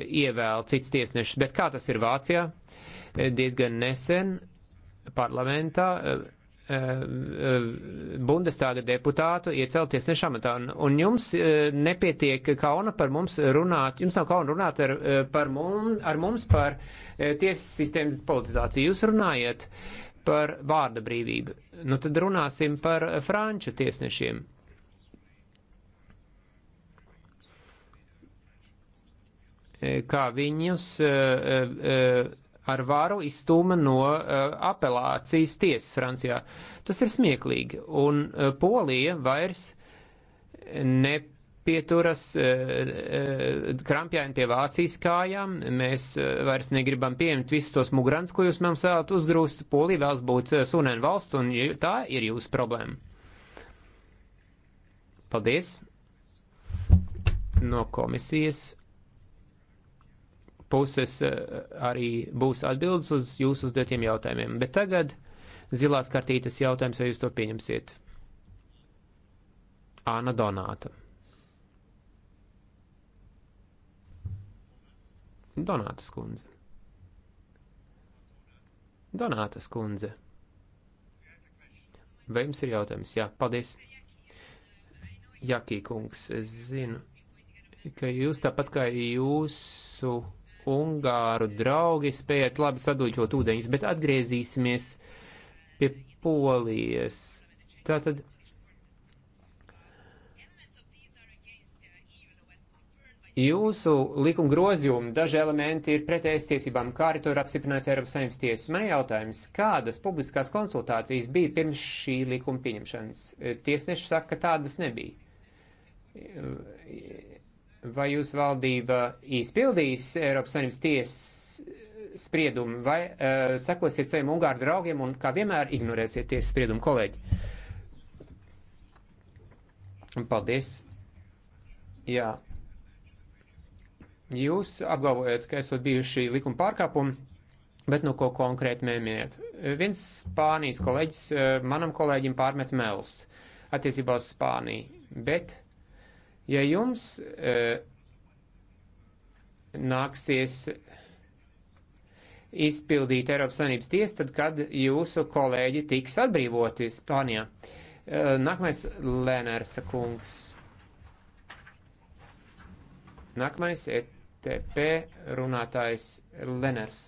[SPEAKER 5] ievēl cits tiesnešus, bet kā tas ir Vācijā? Diezgan nesen parlamentā eh, eh, Bundestāga deputātu iecelties nešamatā. Un, un jums eh, nepietiek kauna par mums runāt, jums nav kauna runāt ar, par mums, ar mums par tiesas sistēmas politizāciju. Jūs runājat par vārda brīvību. Nu tad runāsim par franču tiesnešiem. Kā viņus uh, uh, ar vāru izstūma no uh, apelācijas tiesas Francijā. Tas ir smieklīgi, un uh, Polija vairs nepieturas uh, eh, uh, krampjājumi pie Vācijas kājām, mēs uh, vairs negribam pieņemt visus tos mugrants, ko jūs mums vēlat uzgrūst, Polija vēlas būt uh, sunēna valsts, un tā ir jūsu problēma. Paldies! No komisijas puses eh, arī būs atbildes uz jūsu uzdotiem jautājumiem. Bet tagad zilās kartītes jautājums, vai jūs to pieņemsiet? Āna Donāta. Donātas kundze. Donātas kundze. Vai jums ir jautājums? Jā, paldies. Jakī kungs, es zinu, ka jūs tāpat kā jūsu ungāru draugi spējat labi sadūļot ūdeņus, bet atgriezīsimies pie polijas. Tātad. Jūsu likuma grozījumi, daži elementi ir pretējas tiesībām, kā arī to ir apstiprinājis Eiropas saimnes tiesas. Man ir jautājums, kādas publiskās konsultācijas bija pirms šī likuma pieņemšanas? Tiesneši saka, ka tādas nebija vai jūsu valdība izpildīs Eiropas Savienības tiesas spriedumu, vai uh, sekosiet saviem Ungāru draugiem un kā vienmēr ignorēsiet tiesas spriedumu, kolēģi. Paldies. Jā. Jūs apgalvojat, ka esat bijuši likuma pārkāpumi, bet nu ko konkrēti mēmiet. Viens Spānijas kolēģis eh, manam kolēģim pārmet melus attiecībā uz Spāniju, bet Ja jums e, nāksies izpildīt Eiropas Savienības tiesu, tad kad jūsu kolēģi tiks atbrīvoti Spānijā? E, nākamais Lēners kungs. Nākamais ETP runātājs Leners.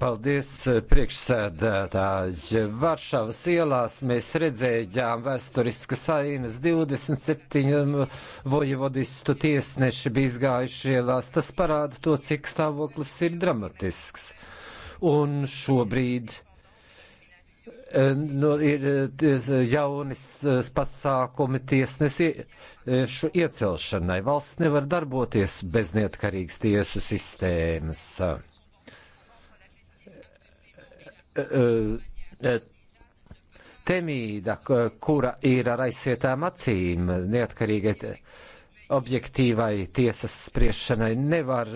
[SPEAKER 3] Paldies, eh, priekšsēdētāji. Varšavas ielās mēs redzējām vēsturiskas ainas 27 mm, vojevodistu tiesneši bija izgājuši ielās. Tas parāda to, cik stāvoklis ir dramatisks. Un šobrīd eh, nu, ir eh, jaunis pasākumi tiesnesi šo iecelšanai. Valsts nevar darboties bez neatkarīgas tiesu sistēmas. Eh, eh, temīda, kura ir ar aizsietām acīm, neatkarīgi eh, objektīvai tiesas spriešanai, nevar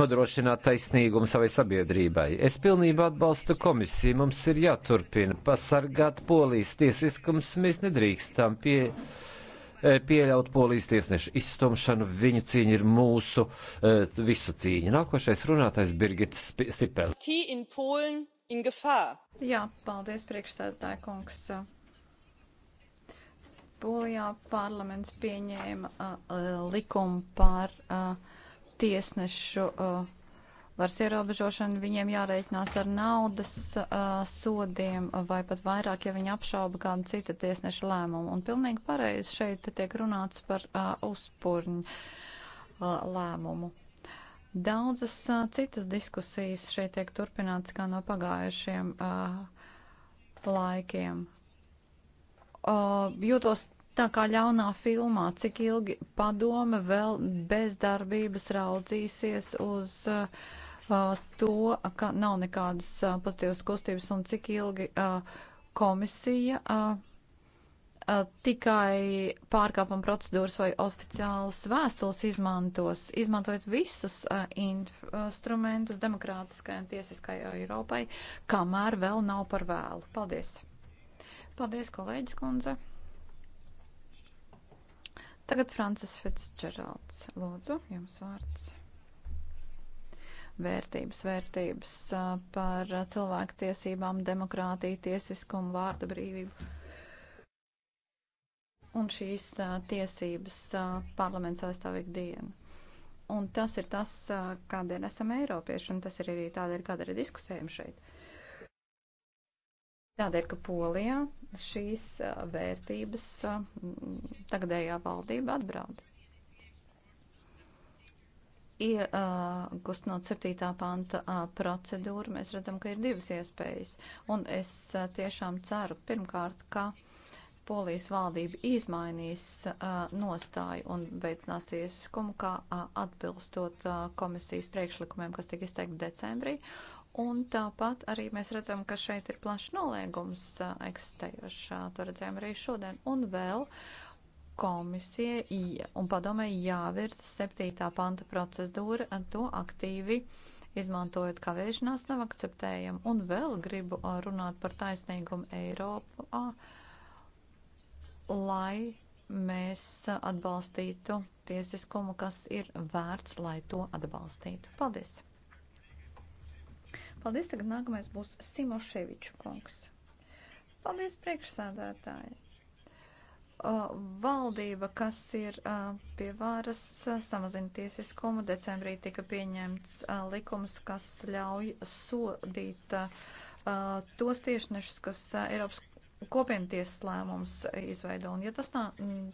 [SPEAKER 3] nodrošināt taisnīgumu savai sabiedrībai. Es pilnībā atbalstu komisiju, mums ir jāturpina pasargāt polijas tiesiskums, mēs nedrīkstam pie Eh, pieļaut polijas tiesnešu izstumšanu. Viņa cīņa ir mūsu eh, visu cīņa. Nākošais runātais Birgita Sipel.
[SPEAKER 2] Jā, paldies priekšstādātāja kungs. Polijā parlaments pieņēma uh, likumu par uh, tiesnešu uh, varas ierobežošanu, viņiem jārēķinās ar naudas uh, sodiem vai pat vairāk, ja viņi apšauba kādu citu tiesneša lēmumu. Un pilnīgi pareizi šeit tiek runāts par uh, uzpurņu uh, lēmumu. Daudzas uh, citas diskusijas šeit tiek turpināts kā no pagājušiem uh, laikiem. Uh, jūtos tā kā ļaunā filmā, cik ilgi padome vēl bez darbības raudzīsies uz uh, to, ka nav nekādas pozitīvas kustības un cik ilgi komisija tikai pārkāpuma procedūras vai oficiālas vēstules izmantos, izmantojot visus uh, instrumentus demokrātiskai un tiesiskai Eiropai, kamēr vēl nav par vēlu. Paldies! Paldies, kolēģis kundze! Tagad Francis Fitzgeralds. Lūdzu, jums vārds vērtības, vērtības par cilvēku tiesībām, demokrātiju, tiesiskumu, vārda brīvību. Un šīs tiesības parlaments aizstāvīgi dienu. Un tas ir tas, kādēļ esam eiropieši, un tas ir arī tādēļ, kādēļ ir diskusējumi šeit. Tādēļ, ka Polijā šīs vērtības tagadējā valdība atbraud iegustnot 7. panta procedūru, mēs redzam, ka ir divas iespējas. Un es tiešām ceru, pirmkārt, ka polijas valdība izmainīs uh, nostāju un veicinās tiesiskumu, kā uh, atbilstot uh, komisijas priekšlikumiem, kas tika izteikti decembrī. Un tāpat arī mēs redzam, ka šeit ir plašs noliegums uh, eksistējošs. Uh, to redzējām arī šodien. Un vēl uh, komisijai un padomēji jāvirza 7. panta procedūra, to aktīvi izmantojot kavēšanās nav akceptējama. Un vēl gribu runāt par taisnīgumu Eiropā, lai mēs atbalstītu tiesiskumu, kas ir vērts, lai to atbalstītu. Paldies! Paldies, tagad nākamais būs Simoševiču kungs. Paldies, priekšsādātāji! valdība, kas ir pie varas, samazina tiesiskumu. Decembrī tika pieņemts likums, kas ļauj sodīt tos tiešnešus, kas Eiropas kopientiesas lēmums izveido. Un ja tas tā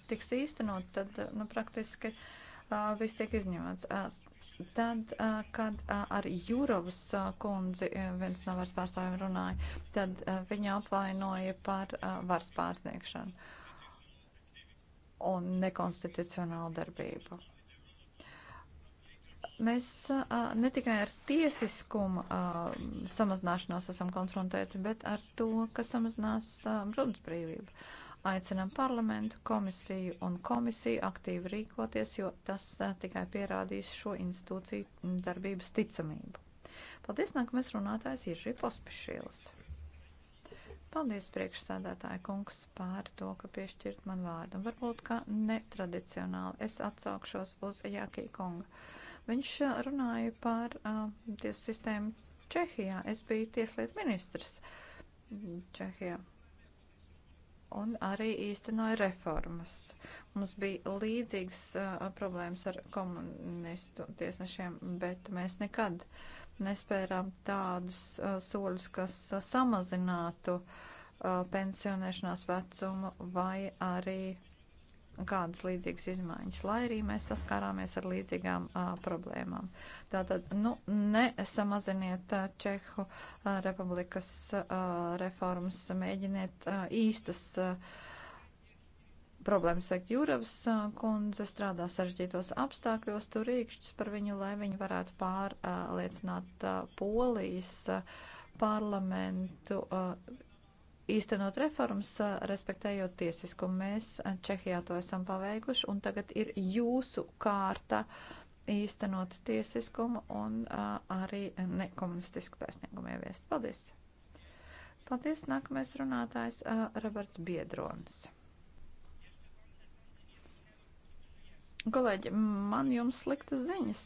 [SPEAKER 2] tiks īstenot, tad nu, praktiski viss tiek izņemts. Tad, kad ar Jurovas kundzi viens no varas pārstāvjiem runāja, tad viņa apvainoja par varas pārsniegšanu un nekonstitucionālu darbību. Mēs a, ne tikai ar tiesiskumu a, samazināšanos esam konfrontēti, bet ar to, ka samazinās runas brīvību. Aicinām parlamentu, komisiju un komisiju aktīvi rīkoties, jo tas a, tikai pierādīs šo institūciju darbības ticamību. Paldies, nākamais runātājs ir Ripospišīls. Paldies priekšsādātāja kungs pār to, ka piešķirt man vārdu. Varbūt, ka netradicionāli es atsaukšos uz Jākī kunga. Viņš uh, runāja par uh, tiesu sistēmu Čehijā. Es biju tieslietu ministrs Čehijā un arī īstenoja reformas. Mums bija līdzīgas uh, problēmas ar komunistu tiesnešiem, bet mēs nekad uh, nespērām tādus uh, soļus, kas uh, samazinātu uh, pensionēšanās vecumu vai arī kādas līdzīgas izmaiņas, lai arī mēs saskārāmies ar līdzīgām uh, problēmām. Tātad, nu, nesamaziniet uh, Čehu uh, republikas uh, reformas, mēģiniet uh, īstas. Uh, problēmas, saka Jūravas kundze, strādā sarežģītos apstākļos, tur rīkšķis par viņu, lai viņi varētu pārliecināt polijas parlamentu īstenot reformas, respektējot tiesiskumu. Mēs Čehijā to esam paveikuši, un tagad ir jūsu kārta īstenot tiesiskumu un uh, arī nekomunistisku taisnīgumu ieviest. Paldies! Paldies! Nākamais runātājs uh, Roberts Biedrons. Kolēģi, man jums sliktas ziņas.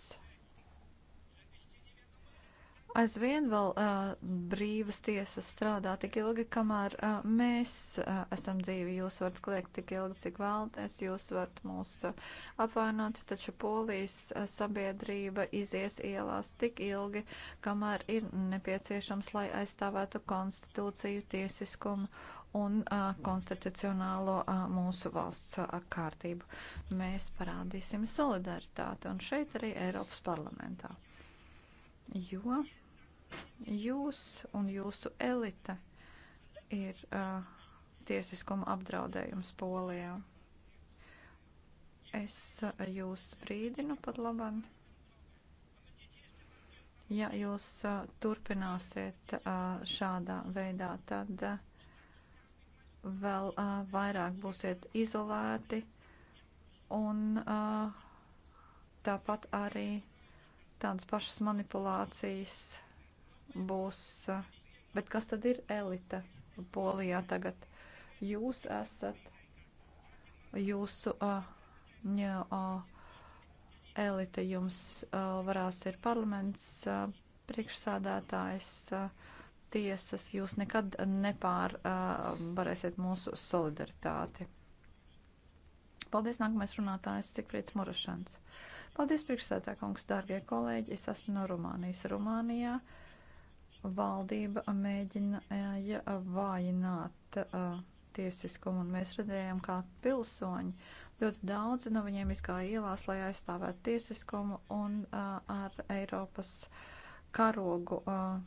[SPEAKER 2] Aizvien vēl uh, brīvas tiesas strādā tik ilgi, kamēr uh, mēs uh, esam dzīvi. Jūs varat kliegt tik ilgi, cik vēlaties, jūs varat mūs uh, apvainot, taču polijas uh, sabiedrība izies ielās tik ilgi, kamēr ir nepieciešams, lai aizstāvētu konstitūciju, tiesiskumu un uh, konstitucionālo uh, mūsu valsts uh, kārtību. Mēs parādīsim solidaritāti un šeit arī Eiropas parlamentā. Jo jūs un jūsu elite ir uh, tiesiskuma apdraudējums Polijā. Es uh, jūs brīdinu pat labam. Ja jūs uh, turpināsiet uh, šādā veidā, tad uh, vēl uh, vairāk būsiet izolēti un uh, tāpat arī tādas pašas manipulācijas būs. Uh, bet kas tad ir elita Polijā tagad? Jūs esat jūsu uh, jā, uh, elite, jums uh, varās ir parlaments, uh, priekšsādātājs. Uh, tiesas, jūs nekad nepārvarēsiet mūsu solidaritāti. Paldies, nākamais runātājs Sikfrīds Murašans. Paldies, priekšsētā kungs, dārgie kolēģi, es esmu no Rumānijas. Rumānijā valdība mēģināja vājināt uh, tiesiskumu, un mēs redzējām, kā pilsoņi ļoti daudzi no viņiem izgāja ielās, lai aizstāvētu tiesiskumu un uh, ar Eiropas karogu. Uh,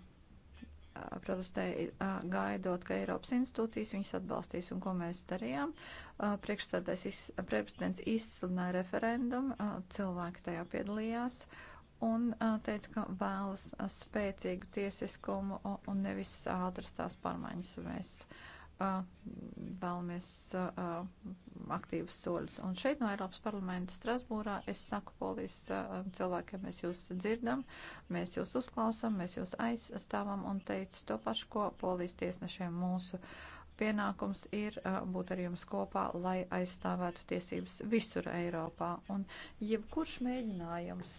[SPEAKER 2] protestēja gaidot, ka Eiropas institūcijas viņus atbalstīs un ko mēs darījām. Priekšstādājs iz, prezidents izsludināja referendumu, cilvēki tajā piedalījās un teica, ka vēlas spēcīgu tiesiskumu un nevis ātras tās pārmaiņas mēs. Uh, vēlamies aktīvus soļus. Un šeit no Eiropas parlamenta Strasbūrā es saku polijas cilvēkiem, mēs jūs dzirdam, mēs jūs uzklausam, mēs jūs aizstāvam un teicu to pašu, ko polijas tiesnešiem mūsu pienākums ir būt ar jums kopā, lai aizstāvētu tiesības visur Eiropā. Un jebkurš mēģinājums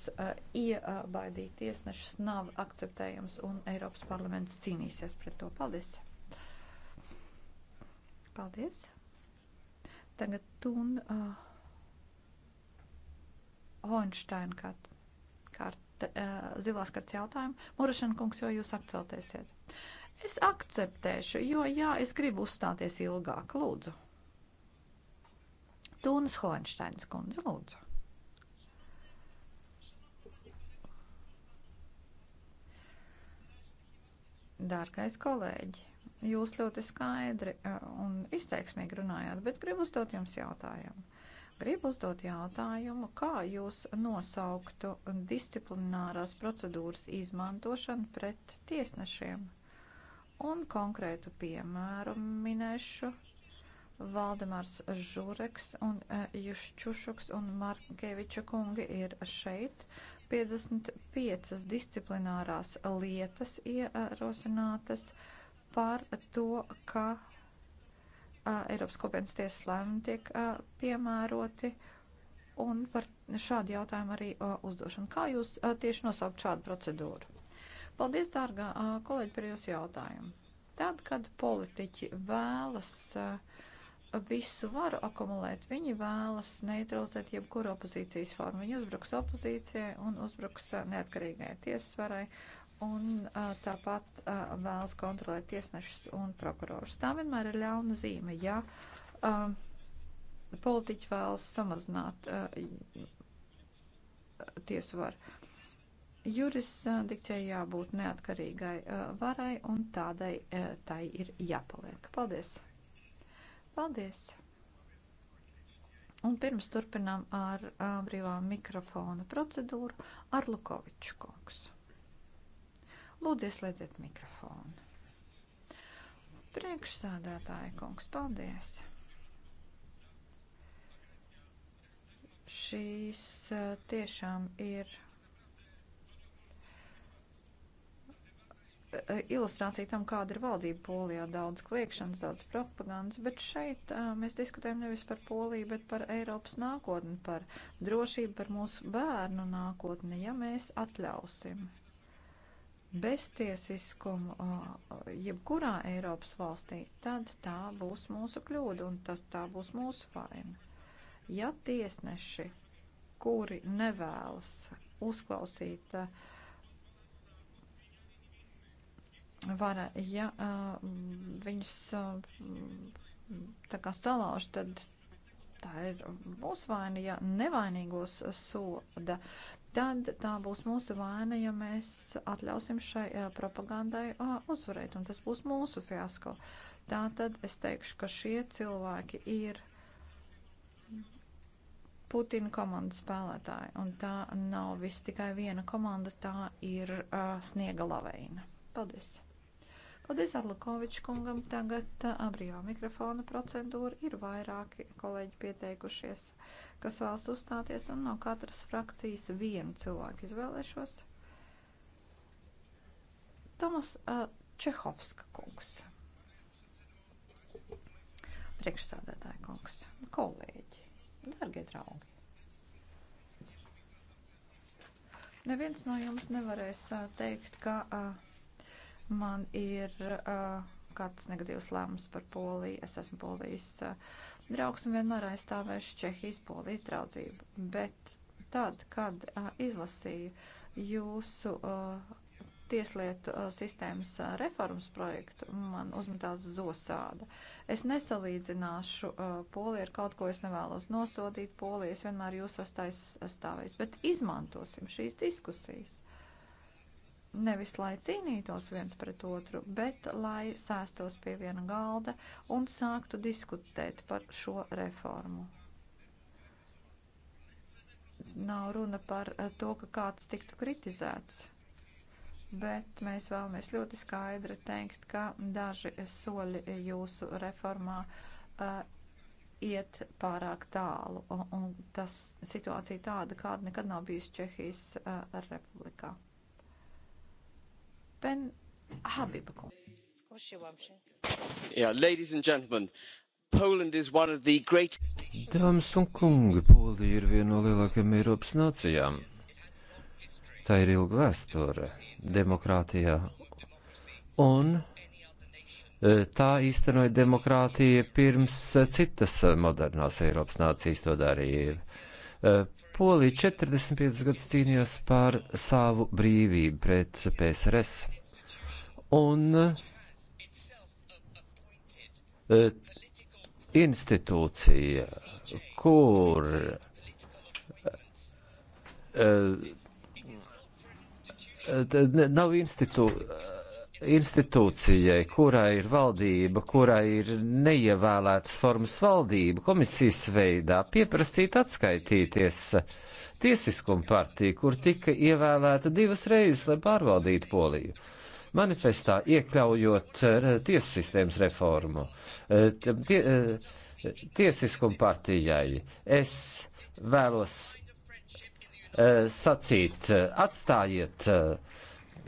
[SPEAKER 2] iebaidīt tiesnešus nav akceptējams un Eiropas parlaments cīnīsies pret to. Paldies! Paldies! Tagad Tun uh, Honštaina kārt, kārt, uh, zilās karts jautājumu. Murašana kungs, jo jūs akceltēsiet. Es akceptēšu, jo jā, es gribu uzstāties ilgāk, lūdzu. Tūnas Honštainas kundze, lūdzu. Dārgais kolēģi, Jūs ļoti skaidri e, un izteiksmīgi runājāt, bet gribu uzdot jums jautājumu. Gribu uzdot jautājumu, kā jūs nosauktu disciplinārās procedūras izmantošanu pret tiesnešiem? Un konkrētu piemēru minēšu Valdemārs Žureks un e, Juščušuks un Markeviča kungi ir šeit. 55 disciplinārās lietas ierosinātas. Ja, par to, ka uh, Eiropas kopienas tiesas lēmumi tiek uh, piemēroti un par šādu jautājumu arī uh, uzdošanu. Kā jūs uh, tieši nosaukt šādu procedūru? Paldies, dārgā uh, kolēģi, par jūsu jautājumu. Tad, kad politiķi vēlas uh, visu varu akumulēt, viņi vēlas neutralizēt jebkuru opozīcijas formu. Viņi uzbruks opozīcijai un uzbruks uh, neatkarīgai tiesasvarai un uh, tāpat uh, vēlas kontrolēt tiesnešus un prokurorus. Tā vienmēr ir ļauna zīme, ja uh, politiķi vēlas samazināt uh, tiesu varu. Jurisdikcijai uh, jābūt neatkarīgai uh, varai un tādai uh, tai ir jāpaliek. Paldies! Paldies! Un pirms turpinām ar uh, brīvā mikrofona procedūru ar Lukoviču kungs. Lūdzu, ieslēdziet mikrofonu. Priekšsādātāja kungs, paldies! Šīs tiešām ir ilustrācija tam, kāda ir valdība Polijā. Daudz kliekšanas, daudz propagandas, bet šeit uh, mēs diskutējam nevis par Poliju, bet par Eiropas nākotni, par drošību, par mūsu bērnu nākotni, ja mēs atļausim beztiesiskumu jebkurā Eiropas valstī, tad tā būs mūsu kļūda un tas tā būs mūsu vaina. Ja tiesneši, kuri nevēlas uzklausīt uh, vara, ja uh, viņus uh, tā kā salauž, tad tā ir mūsu vaina, ja nevainīgos soda, tad tā būs mūsu vaina, ja mēs atļausim šai eh, propagandai uzvarēt, un tas būs mūsu fiasko. Tā tad es teikšu, ka šie cilvēki ir Putina komandas spēlētāji, un tā nav viss tikai viena komanda, tā ir uh, sniega laveina. Paldies! Paldies Arlukoviču kungam. Tagad uh, brīvā mikrofona procedūra ir vairāki kolēģi pieteikušies. Uh, kas vēlas uzstāties, un no katras frakcijas vienu cilvēku izvēlēšos. Tomas uh, Čehovska kungs. Priekšsādātāja kungs, kolēģi, dargie draugi. Neviens no jums nevarēs uh, teikt, ka uh, man ir uh, kāds negatīvs lēmums par Poliju. Es esmu Polijas. Uh, draugs un vienmēr aizstāvēšu Čehijas polijas draudzību. Bet tad, kad uh, izlasīju jūsu uh, tieslietu uh, sistēmas uh, reformas projektu, man uzmetās zosāda. Es nesalīdzināšu uh, poliju ar kaut ko, es nevēlos nosodīt poliju, es vienmēr jūs astāvēs, bet izmantosim šīs diskusijas nevis lai cīnītos viens pret otru, bet lai sēstos pie viena galda un sāktu diskutēt par šo reformu. Nav runa par eh, to, ka kāds tiktu kritizēts, bet mēs vēlamies ļoti skaidri teikt, ka daži soļi jūsu reformā uh, iet pārāk tālu, un, un tas situācija tāda, kāda nekad nav bijusi Čehijas uh, republikā. Ben Habiba.
[SPEAKER 3] Yeah, ladies and gentlemen, Poland is one of the greatest. Dāmas un kungi, Polija ir viena no lielākajām Eiropas nācijām. Tā ir ilga vēsture demokrātijā. Un e, tā īstenoja demokrātija pirms citas modernās Eiropas nācijas to darīja. E, Polija 45 gadus cīnījās par savu brīvību pret PSRS. Un uh, institūcija, kur uh, nav institūcija institūcijai, kurai ir valdība, kurai ir neievēlētas formas valdība, komisijas veidā pieprasīt atskaitīties tiesiskuma partija, kur tika ievēlēta divas reizes, lai pārvaldītu Poliju. Manifestā iekļaujot eh, tiesu sistēmas reformu, eh, tie, eh, tiesiskuma partijai, es vēlos sacīt, atstājiet uh,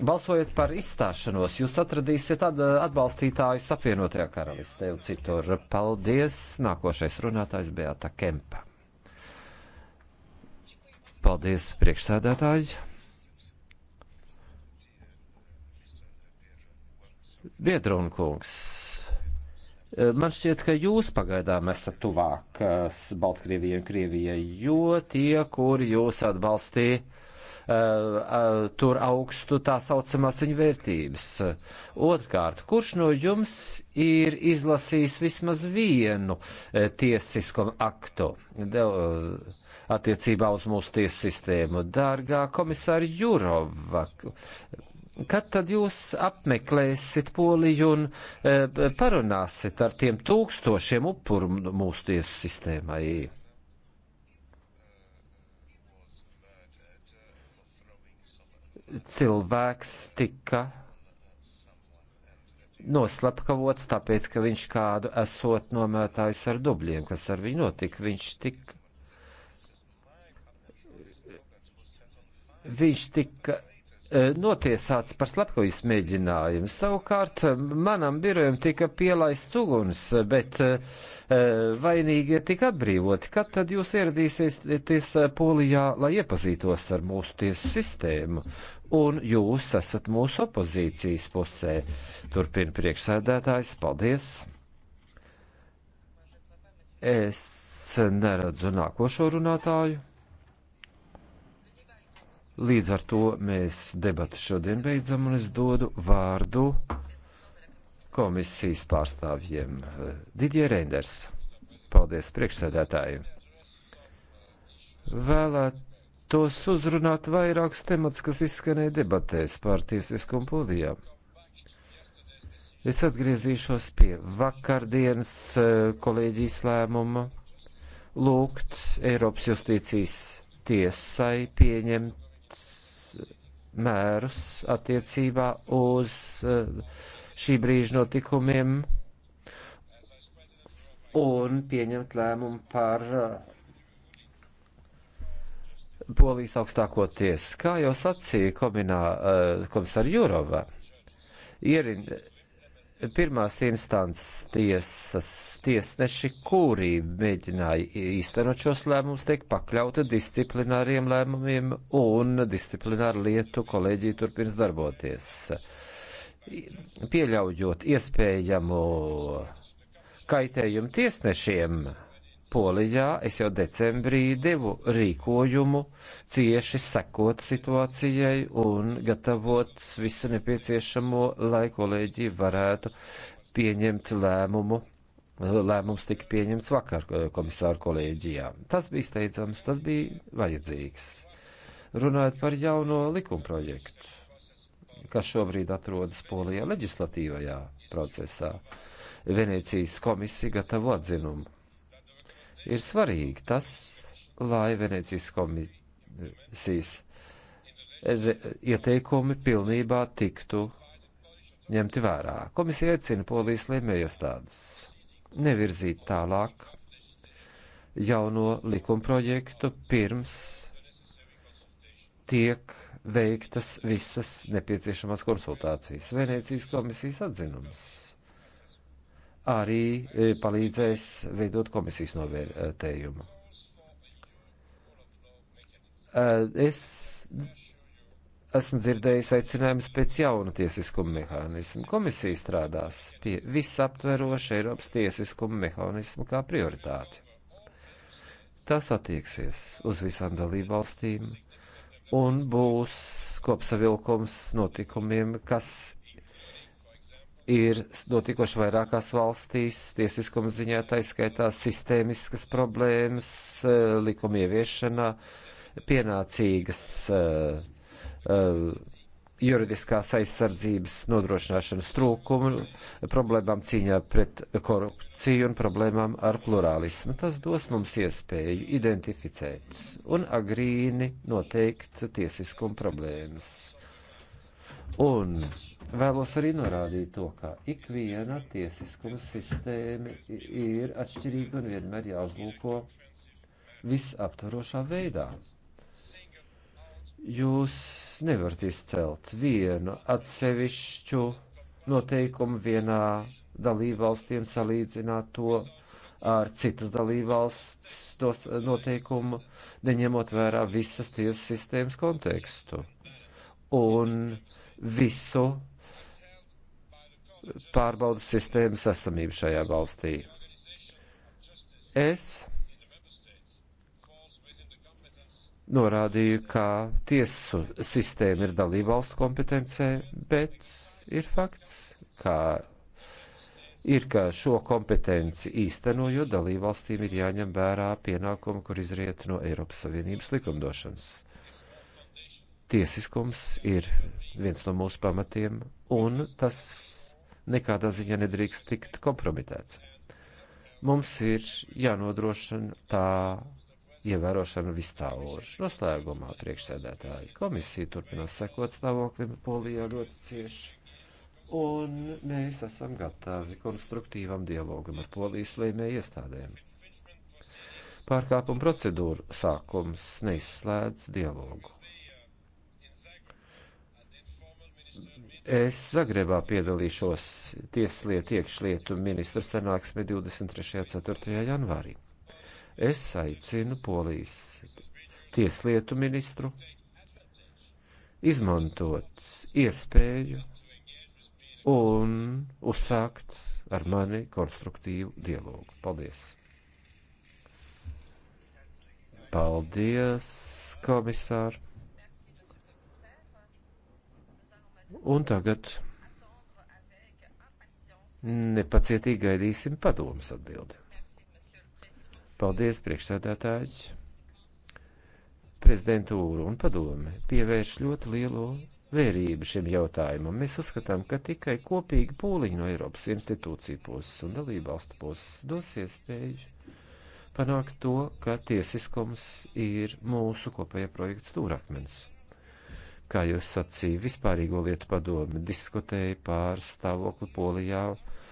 [SPEAKER 3] balsojot par izstāšanos, jūs atradīsiet atbalstītājus apvienotajā karalistē un citur. Paldies! Nākošais runātājs Beata Kempa. Paldies, priekšsēdētāji! Biedrunkungs, Man šķiet, ka jūs pagaidām esat tuvāk Baltkrievijai un Krievijai, jo tie, kur jūs atbalstīja, uh, tur augstu tā saucamās viņu vērtības. Otrkārt, kurš no jums ir izlasījis vismaz vienu uh, tiesisko aktu de, uh, eh, attiecībā uz mūsu tiesu sistēmu? Dārgā komisāra Jurova, kad tad jūs apmeklēsiet Poliju un e, parunāsiet ar tiem tūkstošiem upuru mūsu tiesu sistēmai? cilvēks tika noslapkavots, tāpēc, ka viņš kādu esot nomētājs ar dubļiem, kas ar viņu notika. Viņš tika, viņš tika E, notiesāts par slepkavības mēģinājumu. Savukārt e, manam birojam tika pielaists uguns, bet e, vainīgie tika atbrīvoti. Kad tad jūs ieradīsieties Polijā, lai iepazītos ar mūsu tiesu sistēmu? Un jūs esat mūsu opozīcijas pusē. Turpina priekšsēdētājs. Paldies! Es neredzu nākošo runātāju. Līdz ar to mēs debatu šodien beidzam, un es dodu vārdu komisijas pārstāvjiem. Didie Reinders, paldies priekšsēdētājiem. Vēlētos uzrunāt vairākus temats, kas izskanēja debatēs par tiesiskumu polijām. Es atgriezīšos pie vakardienas eh, kolēģijas lēmuma lūgt Eiropas justīcijas tiesai pieņemt mērus attiecībā uz eh, šī brīža notikumiem un pieņemt lēmumu par eh, Polijas augstāko tiesu. Kā jau sacīja eh, komisāra Jurova, ierin, pirmās instances tiesas tiesneši, kuri mēģināja īstenot šos lēmumus, tiek pakļauti disciplināriem lēmumiem un disciplināru lietu kolēģija turpins darboties. Pieļaujot iespējamu kaitējumu tiesnešiem, Polijā es jau decembrī devu rīkojumu cieši sekot situācijai un gatavot visu nepieciešamo, lai kolēģi varētu pieņemt lēmumu. Lēmums tika pieņemts vakar komisāru kolēģijā. Tas bija steidzams, tas bija vajadzīgs. Runājot par jauno likumprojektu, kas šobrīd atrodas Polijā leģislatīvajā procesā, Venecijas komisija gatavo atzinumu Ir svarīgi tas, lai Venecijas komisijas ieteikumi pilnībā tiktu ņemti vērā. Komisija aicina polijas lēmējiestādes nevirzīt tālāk jauno likumprojektu pirms tiek veiktas visas nepieciešamās konsultācijas. Venecijas komisijas atzinums arī e, palīdzēs veidot komisijas novērtējumu. E, es esmu dzirdējis aicinājumus pēc jauna tiesiskuma mehānismu. Komisija strādās pie visaptveroša Eiropas tiesiskuma mehānismu kā prioritāti. Tas attieksies uz visām dalībvalstīm un būs kopsavilkums notikumiem, kas ir notikuši vairākās valstīs, tiesiskuma ziņā taiskaitā sistēmiskas problēmas, eh, likuma ieviešanā, pienācīgas uh, uh, juridiskās aizsardzības nodrošināšanas trūkumu, problēmām cīņā pret korupciju un problēmām ar plurālismu. Tas dos mums iespēju identificēt un agrīni noteikt tiesiskuma problēmas Un vēlos arī norādīt to, ka ikviena tiesiskuma sistēma ir atšķirīga un vienmēr jāuzlūko visaptvarošā veidā. Jūs nevarat izcelt vienu atsevišķu noteikumu vienā dalībvalstī un salīdzināt to ar citas dalībvalsts noteikumu, neņemot vērā visas tiesu sistēmas kontekstu. Un uh, visu pārbaudas sistēmas esamību šajā valstī. Es norādīju, ka tiesu sistēma ir dalība valstu kompetencē, bet ir fakts, ka ir, ka šo kompetenci īstenojot dalību valstīm ir jāņem vērā pienākumi, kur izriet no Eiropas Savienības likumdošanas. Tiesiskums ir viens no mūsu pamatiem, un tas nekādā ziņā nedrīkst tikt kompromitēts. Mums ir jānodrošina tā ievērošana viscaur. Noslēgumā priekšsēdētāji komisija turpinās sekot stāvoklim Polijā ļoti cieši, un mēs esam gatavi konstruktīvam dialogam ar Polijas lēmēju iestādēm. Pārkāpuma procedūru sākums neizslēdz dialogu. Es Zagrebā piedalīšos tieslietu iekšlietu ministru sanāksmē 23. 4. janvārī. Es aicinu polijas tieslietu ministru izmantot iespēju un uzsākt ar mani konstruktīvu dialogu. Paldies! Paldies, komisār! Un tagad nepacietīgi gaidīsim padomas atbildi. Paldies, priekšsēdētājs! Prezidentūra un padome pievērš ļoti lielo vērību šim jautājumam. Mēs uzskatām, ka tikai kopīgi pūliņi no Eiropas institūciju puses un dalībvalstu puses dos iespēju panākt to, ka tiesiskums ir mūsu kopējā projekta stūrakmens kā jau sacīju, vispārīgo lietu padomi diskutēja pār stāvokli Polijā